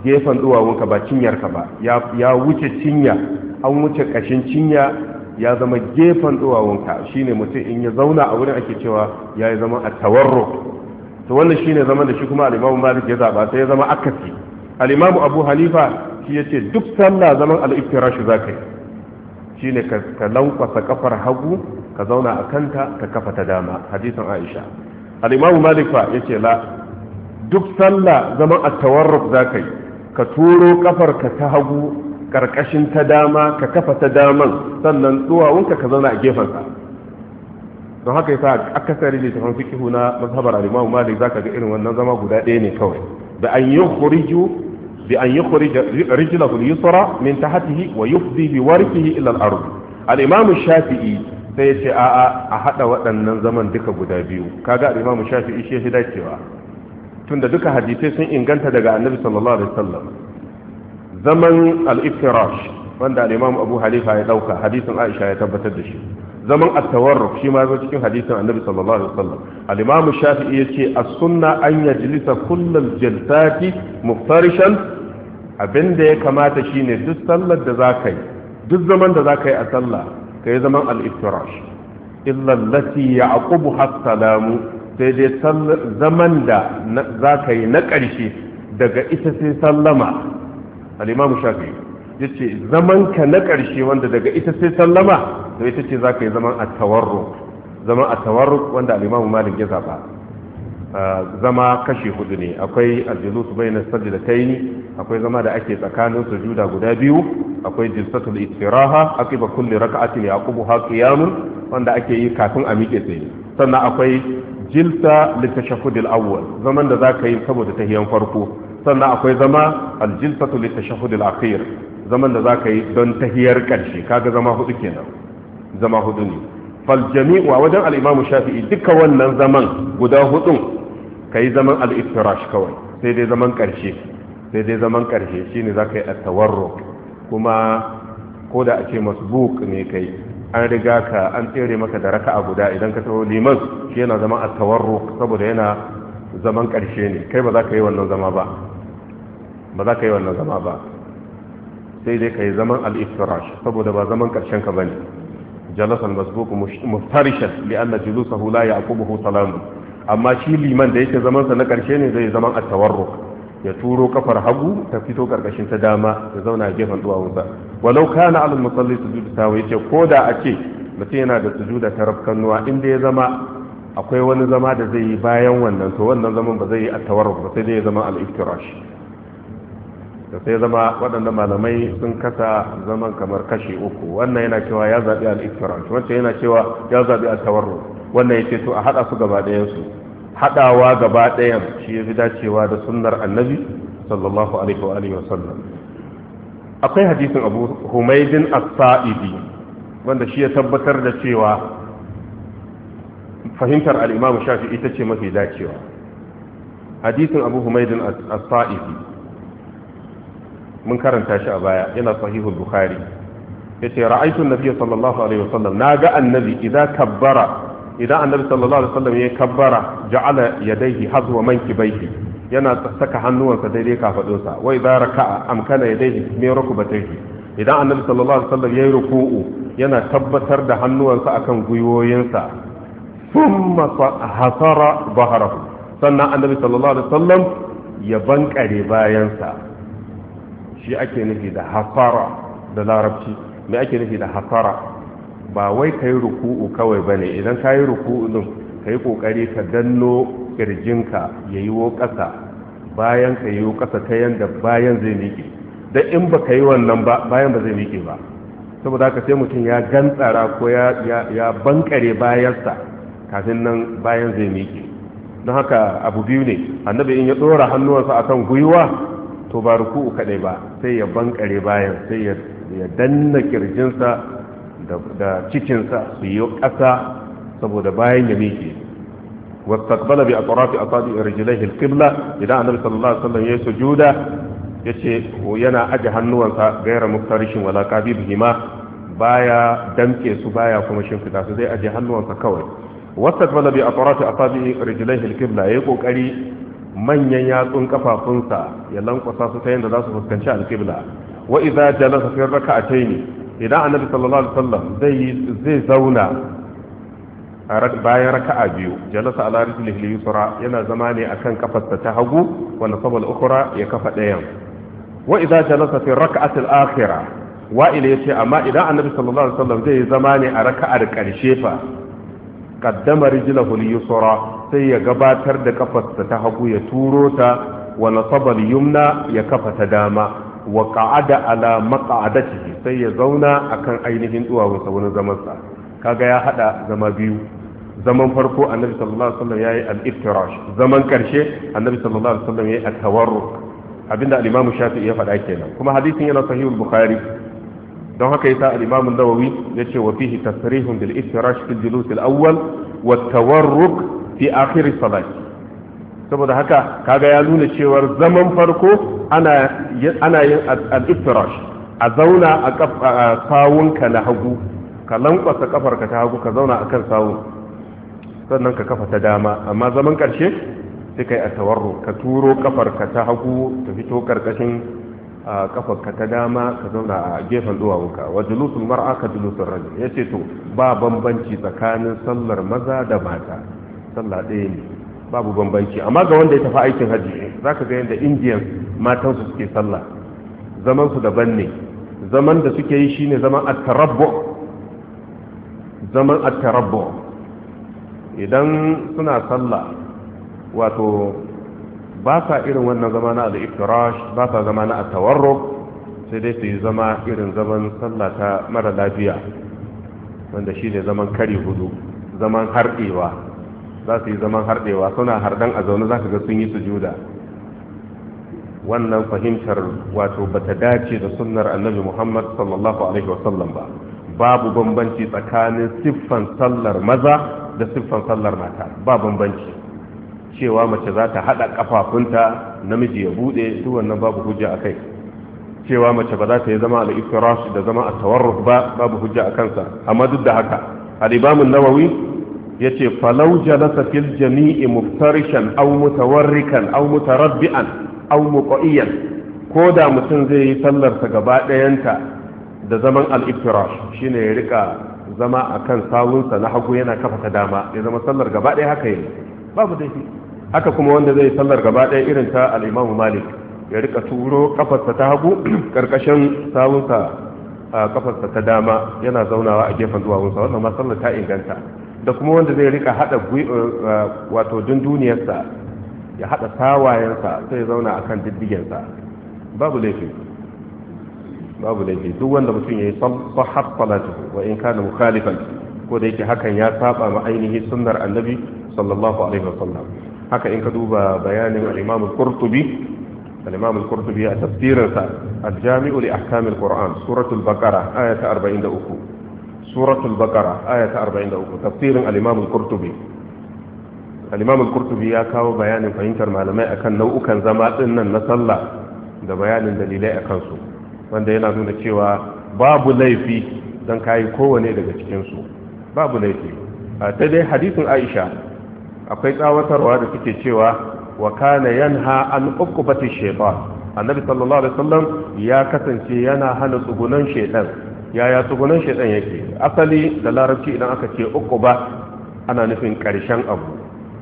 gefen duwawunka ba cinyarka ba ya wuce cinya an wuce kashin cinya ya zama gefen duwawunka shine mutum in ya zauna a wurin ake cewa ya yi zama a tawarro to wannan shine zaman da shi kuma al malik ya zaba sai ya zama akasi al abu halifa shi yace duk sallah zaman al-iftirash zakai shine ka lankwasa kafar hagu ka zauna a kanta ka kafa ta dama hadisin aisha al malik fa yace la duk sallah zaman at-tawarruk zakai ka turo kafarka ta hagu karkashin ta dama ka kafa ta daman sannan duwawunka ka zauna a gefensa don haka yasa akasari littafin fikihu na mazhabar al-Imam Malik zaka ga irin wannan zama guda ɗaya ne kawai da an yukhriju bi an yukhrij rijlahu al-yusra min tahtihi wa yufdi bi warqihi ila al-ard al-Imam Shafi'i sai ya ce a'a a hada waɗannan zaman duka guda biyu kaga al-Imam Shafi'i shi ya dacewa tunda duka hadisai sun inganta daga annabi sallallahu alaihi wasallam zaman al-iftirash wanda al-imam abu halifa ya dauka hadisin aisha ya tabbatar da shi zaman at-tawarruk shi ma zo cikin hadisin annabi sallallahu alaihi wasallam al-imam shafi'i yace as-sunna an yajlisa kullal jalsati muftarishan abinda ya kamata shine duk sallar da zaka duk zaman da zaka yi a sallah kai zaman al-iftirash illa allati ya'qubu has-salamu sai dai zaman da za ka yi na ƙarshe daga ita sai sallama al'imamu shafi ya ce zaman ka na ƙarshe wanda daga ita sai sallama da ita ce za ka yi zaman a tawarruk zaman a tawarruk wanda al'imamu malik ya zaɓa zama kashi hudu ne akwai aljilu su bayyana ta yi akwai zama da ake tsakanin sujuda guda biyu akwai jinsatul istiraha akiba kulli raka'atin yaqubu ha wanda ake yi kafin a miƙe tsaye sannan akwai jilsa litashahhudil awwal zaman da zaka yi saboda tahiyan farko sannan akwai zama aljiltatu litashahhudil akhir zaman da zaka yi don tahiyar karshe kaga zama hudu kenan zama hudu ne fal jami'u wajen al shafi'i duka wannan zaman guda hudun kai zaman al-iftirash kawai sai dai zaman karshe sai dai zaman karshe shine zaka yi at-tawarruk kuma ko a ce masbuk ne kai an riga ka an tsere maka da raka'a guda idan ka taho liman shi yana zama a tawarru saboda yana zaman ƙarshe ne kai ba za ka yi wannan zama ba ba za ka yi wannan zama ba sai dai ka yi zaman al-iftirash saboda ba zaman ƙarshen ka bane jalasan masbuq muftarishan li'anna julusahu la yaqubuhu salamu amma shi liman da yake zaman sa na ƙarshe ne zai zaman at-tawarruk ya turo kafar hagu ta fito karkashin ta dama ya zauna a gefen duwawunsa walau kana alal musalli sujudu sawa yace ko da a ce mutum yana da sujuda ta rafkannuwa inda ya zama akwai wani zama da zai yi bayan wannan to wannan zaman ba zai yi at-tawarruk ba sai dai ya zama al-iftirash da sai zama waɗanda malamai sun kasa zaman kamar kashi uku wannan yana cewa ya zaɓi al-iftirash wancan yana cewa ya zaɓi at-tawarruk wannan yace to a haɗa su gaba ɗayan su hadawa gaba ɗayan shi ya fi dacewa da sunnar annabi sallallahu alaihi wa alihi wa sallam akwai hadisin abu humaidin as-sa'idi wanda shi ya tabbatar da cewa fahimtar al-imam shafi'i ita ce mafi dacewa hadisin abu humaidin as-sa'idi mun karanta shi a baya yana sahihul bukhari yace ra'aytu an-nabiy sallallahu alaihi wasallam naga annabi idan kabbara idan annabi sallallahu alaihi wasallam ya kabbara ja'ala yadayhi hazwa mankibaihi yana saka hannuwansa daidai kafadunsa wai za raka'a amkana ya daidai me rukubatayhi idan annabi sallallahu alaihi wasallam yayi ruku'u yana tabbatar da hannuwansa akan gwiwoyinsa thumma hasara bahrahu sannan annabi sallallahu alaihi wasallam ya bankare bayansa shi ake nufi da hasara da larabci me ake nufi da hasara ba wai kai ruku'u kawai bane idan kai ruku'u din kai kokari ka danno kirjinka ya yi wo ƙasa bayan ka yi wo ƙasa ta yadda bayan zai miƙe da in ba ka yi wannan ba bayan ba zai miƙe ba saboda haka sai mutum ya gantsara ko ya bankare bayansa kafin nan bayan zai miƙe don haka abu biyu ne annabi in ya ɗora hannuwansa kan gwiwa to ba ruku'u kaɗai ba sai ya bankare bayan sai ya danna kirjinsa da cikinsa su yi ƙasa saboda bayan ya miƙe واستقبل بأطراف أصابع رجليه القبلة إذا النبي صلى الله عليه وسلم يسجد yace yana aje hannuwansa gaira muftarishin wala qabibhima baya damke su baya kuma shimfida su zai aje hannuwansa kawai wastaqbala bi atrafi asabi rijlaihi alqibla yayi kokari manyan yatsun kafafunsa ya lankwasa su ta yanda za su fuskanci alqibla wa idza jalasa fi rak'atayn idan annabi sallallahu alaihi wasallam zai zai zauna bayan raka'a biyu jalasa ala rijlihi yusra yana zama ne akan kafarsa ta hagu wala sabal ukhra ya kafa dayan wa idza jalasa fi raka'ati al-akhira wa ila yace amma idan annabi sallallahu alaihi wasallam zai zama ne a raka'ar karshe fa qaddama rijlahu al-yusra sai ya gabatar da kafarsa ta hagu ya turo ta wala sabal yumna ya kafa ta dama wa qa'ada ala maq'adatihi sai ya zauna akan ainihin duwawunsa wani zamansa kaga ya hada zama biyu zaman farko annabi sallallahu alaihi wasallam yayi al-iftirash zaman karshe annabi sallallahu alaihi wasallam yayi at-tawarruk abinda al-imam shafi'i ya faɗa kenan kuma hadisin yana sahihul bukhari don haka yasa al-imam an-nawawi yace wa fihi tasrihun bil iftirash fil julus al-awwal wa at-tawarruk fi akhir salat saboda haka kaga ya nuna cewar zaman farko ana ana yin al-iftirash a zauna a sawunka na hagu ka lankwasa kafarka ta hagu ka zauna akan sawun sannan ka kafa ta dama amma zaman ƙarshe sai kai a tawarro ka turo ka ta hagu ta fito karkashin ka ta dama ka zauna a gefen duwawunka wa julusul mar'a ka julusul rajul yace to ba bambanci tsakanin sallar maza da mata sallah ɗaya ne babu bambanci amma ga wanda ya tafi aikin hajji zaka ga yadda indiyan matan su suke sallah zaman su daban ne zaman da suke yi shine zaman at-tarabbu zaman at-tarabbu idan suna sallah wato ba sa irin wannan zama na al ba sa zama na at sai dai su yi zama irin zaman sallah ta mara lafiya wanda shi ne zaman kari hudu zaman harɗewa za su yi zaman harɗewa suna hardan a zaune za ka ga sun yi sujuda wannan fahimtar wato bata dace da sunnar annabi muhammad sallallahu alaihi wasallam ba babu bambanci tsakanin siffan sallar maza da siffan sallar mata ba bambanci cewa mace za ta haɗa ƙafafunta namiji ya buɗe duk wannan babu hujja a kai cewa mace ba za ta yi zama a iftirash da zama a tawarruf ba babu hujja a kansa amma duk da haka al'ibamun nawawi ya ce yace falau jalasa fil jami'i muftarishan au mutawarrikan au mutarabbi'an au muqayyan ko da mutum zai yi sallarsa gaba ɗayanta da zaman al-iftirash shine ya rika zama a kan sawunsa na hagu yana kafa ta dama ya zama sallar gaba ɗaya haka yin babu laifi haka kuma wanda zai sallar gaba ɗaya irin ta al'imamu malik ya rika turo kafarsa ta hagu karkashin sawunsa a kafarsa ta dama yana zaunawa a gefen duwawunsa wannan ma sallar ta inganta da kuma wanda zai rika haɗa wato dunduniyarsa ya haɗa sawayensa sai ya zauna akan diddigensa babu laifi babu laifi duk wanda mutum ya yi sahar salatu wa in kana mukhalifan ko da yake hakan ya saba ma ainihi sunnar annabi sallallahu alaihi wa sallam haka in ka duba bayanin al-imam al-qurtubi al-imam al-qurtubi a tafsirinsa al-jami'u li ahkam al-qur'an suratul baqara ayat 43 suratul baqara ayat 43 tafsirin al-imam al-qurtubi al-imam al-qurtubi ya kawo bayanin fahimtar malamai akan nau'ukan zama dinnan na sallah da bayanin dalilai akan su wanda yana nuna cewa babu laifi don kayi kowane daga cikinsu babu laifi ta dai hadisin aisha akwai tsawatarwa da suke cewa wa kana yanha an ukubati shaytan annabi sallallahu alaihi wasallam ya kasance yana hana tsugunan shaytan yaya tsugunan shaytan yake asali da larabci idan aka ce ukuba ana nufin karshen abu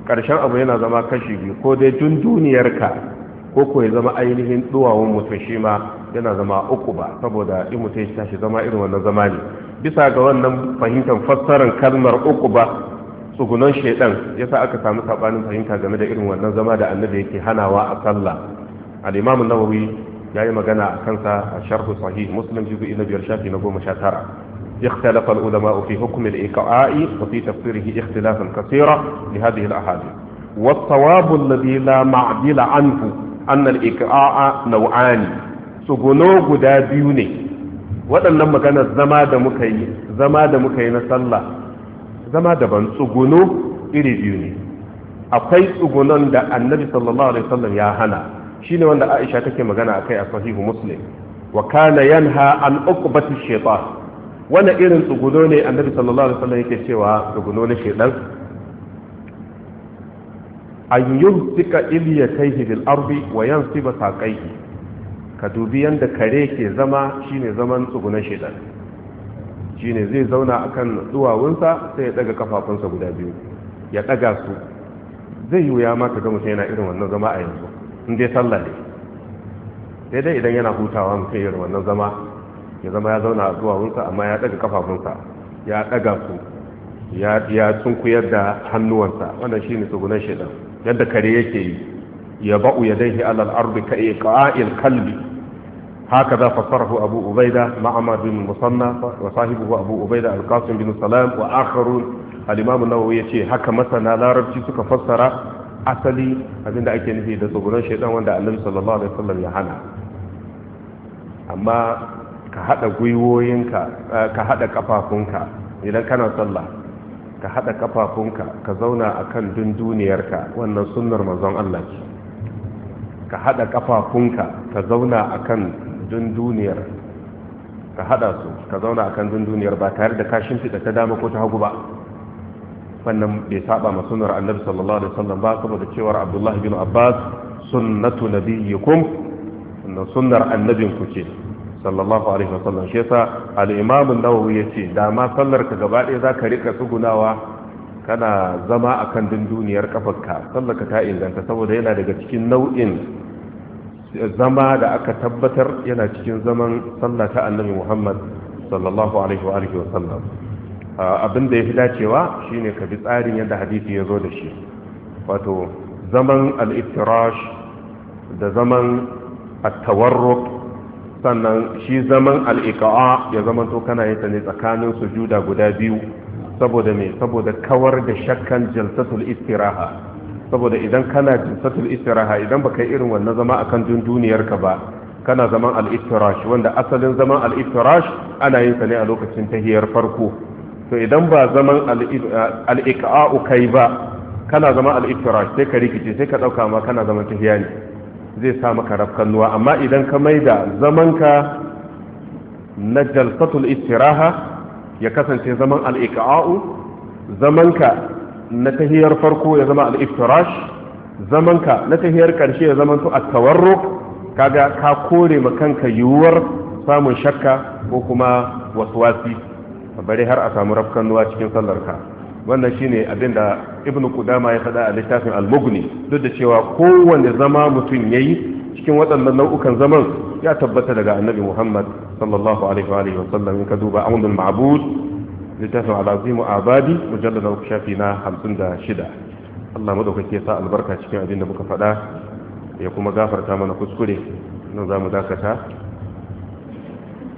karshen abu yana zama kashi biyu ko dai dun duniyarka ko ko ya zama ainihin duwawun mutum shi ma yana zama uku ba saboda in mutum ya tashi zama irin wannan zama ne bisa ga wannan fahimtar fassarar kalmar uku ba tsugunan shaidan yasa aka samu sabanin fahimta game da irin wannan zama da annabi yake hanawa a sallah al-imam an-nawawi yayi magana a kansa a sharh sahih muslim juz'i na biyar shafi na goma sha tara اختلف العلماء في حكم الإيقاع وفي تفسيره اختلافا كثيرا لهذه الأحاديث والصواب الذي لا معدل عنه annal iqa'a nau'ani tsuguno guda biyu ne waɗannan maganar zama da muka yi zama da muka yi na sallah zama daban tsuguno iri biyu ne akwai tsugunan da annabi sallallahu alaihi wasallam ya hana shine wanda Aisha take magana akai a sahihu muslim wa kana yanha an uqbati shaytan Wani irin tsuguno ne annabi sallallahu alaihi wasallam yake cewa tsuguno na shaytan an yumsika iliyataihi bil ardi wa yansiba saqaihi ka dubi yanda kare ke zama shine zaman tsugunan shedan shine zai zauna akan duwawunsa sai ya daga kafafunsa guda biyu ya daga su zai yi wuya ma ga mutum yana irin wannan zama a yanzu in dai sallah ne sai dai idan yana hutawa mutum irin wannan zama ya zama ya zauna a duwawunsa amma ya daga kafafunsa ya daga su ya tunkuyar da hannuwansa wannan shine tsugunan shedan yadda kare yake yi ya ba'u ya dai alal ardi ka iqa'il kalbi haka da fasarahu abu ubaida ma'amad bin musanna wa abu ubaida al bin salam wa akharun al-imam an yace haka masana larabci suka fassara asali abinda ake nufi da tsogonan shaidan wanda annabi sallallahu alaihi wasallam ya hana amma ka haɗa gwiwoyinka kafafunka idan kana sallah ka haɗa kafafunka ka zauna a kan dunduniyarka wannan sunnar manzon Allah ce ka haɗa kafafunka ka zauna a kan dunduniyar ka haɗa su ka zauna a kan dunduniyar ba tare da kashin fiɗa ta dama ko ta hagu ba wannan bai saba ma sunnar annabi sallallahu alaihi wasallam ba saboda cewar abdullahi bin abbas sunnatu nabiyyikum sunnar annabinku ce sallallahu alaihi wasallam shi yasa al-imam an-nawawi yace da ma sallar ka gaba ɗaya zaka rika tsugunawa kana zama akan dunduniyar kafarka sallar ka ta inganta saboda yana daga cikin nau'in zama da aka tabbatar yana cikin zaman sallah ta annabi Muhammad sallallahu alaihi wa alihi wasallam abin da yafi dacewa shine ka bi tsarin yadda hadisi ya zo da shi wato zaman al-iftirash da zaman at sannan shi zaman al'ika'a ya zama to kana yin ta ne tsakanin sujuda guda biyu saboda me saboda kawar da shakkan jalsatul istiraha saboda idan kana jalsatul istiraha idan baka yi irin wannan zama akan dunduniyarka ba kana zaman al wanda asalin zaman al ana yin sa ne a lokacin tahiyar farko to idan ba zaman al kai ba kana zaman al sai ka rikice sai ka ɗauka ma kana zaman tahiya ne zai sa maka rafkannuwa amma idan ka mai da zamanka na jalsatul istiraha ya kasance zaman al'iƙa'a'u zamanka na tahiyar farko ya zama al'iftirash zamanka na tahiyar ƙarshe ya zama su a tawarro kaga ka kore ma kanka yiwuwar samun shakka ko kuma wasu wasi bari har a samu rafkannuwa cikin sallarka wannan shine abin da ibn kudama ya faɗa a littafin al-mughni duk da cewa kowanne zama mutum yayi cikin waɗannan nau'ukan zaman ya tabbata daga annabi muhammad sallallahu alaihi wa alihi sallam in ka duba amdul ma'bud littafin al-azim abadi mujallad al-shafi na 56 Allah madaukake ya sa albarka cikin abin da muka faɗa ya kuma gafarta mana kuskure nan zamu dakata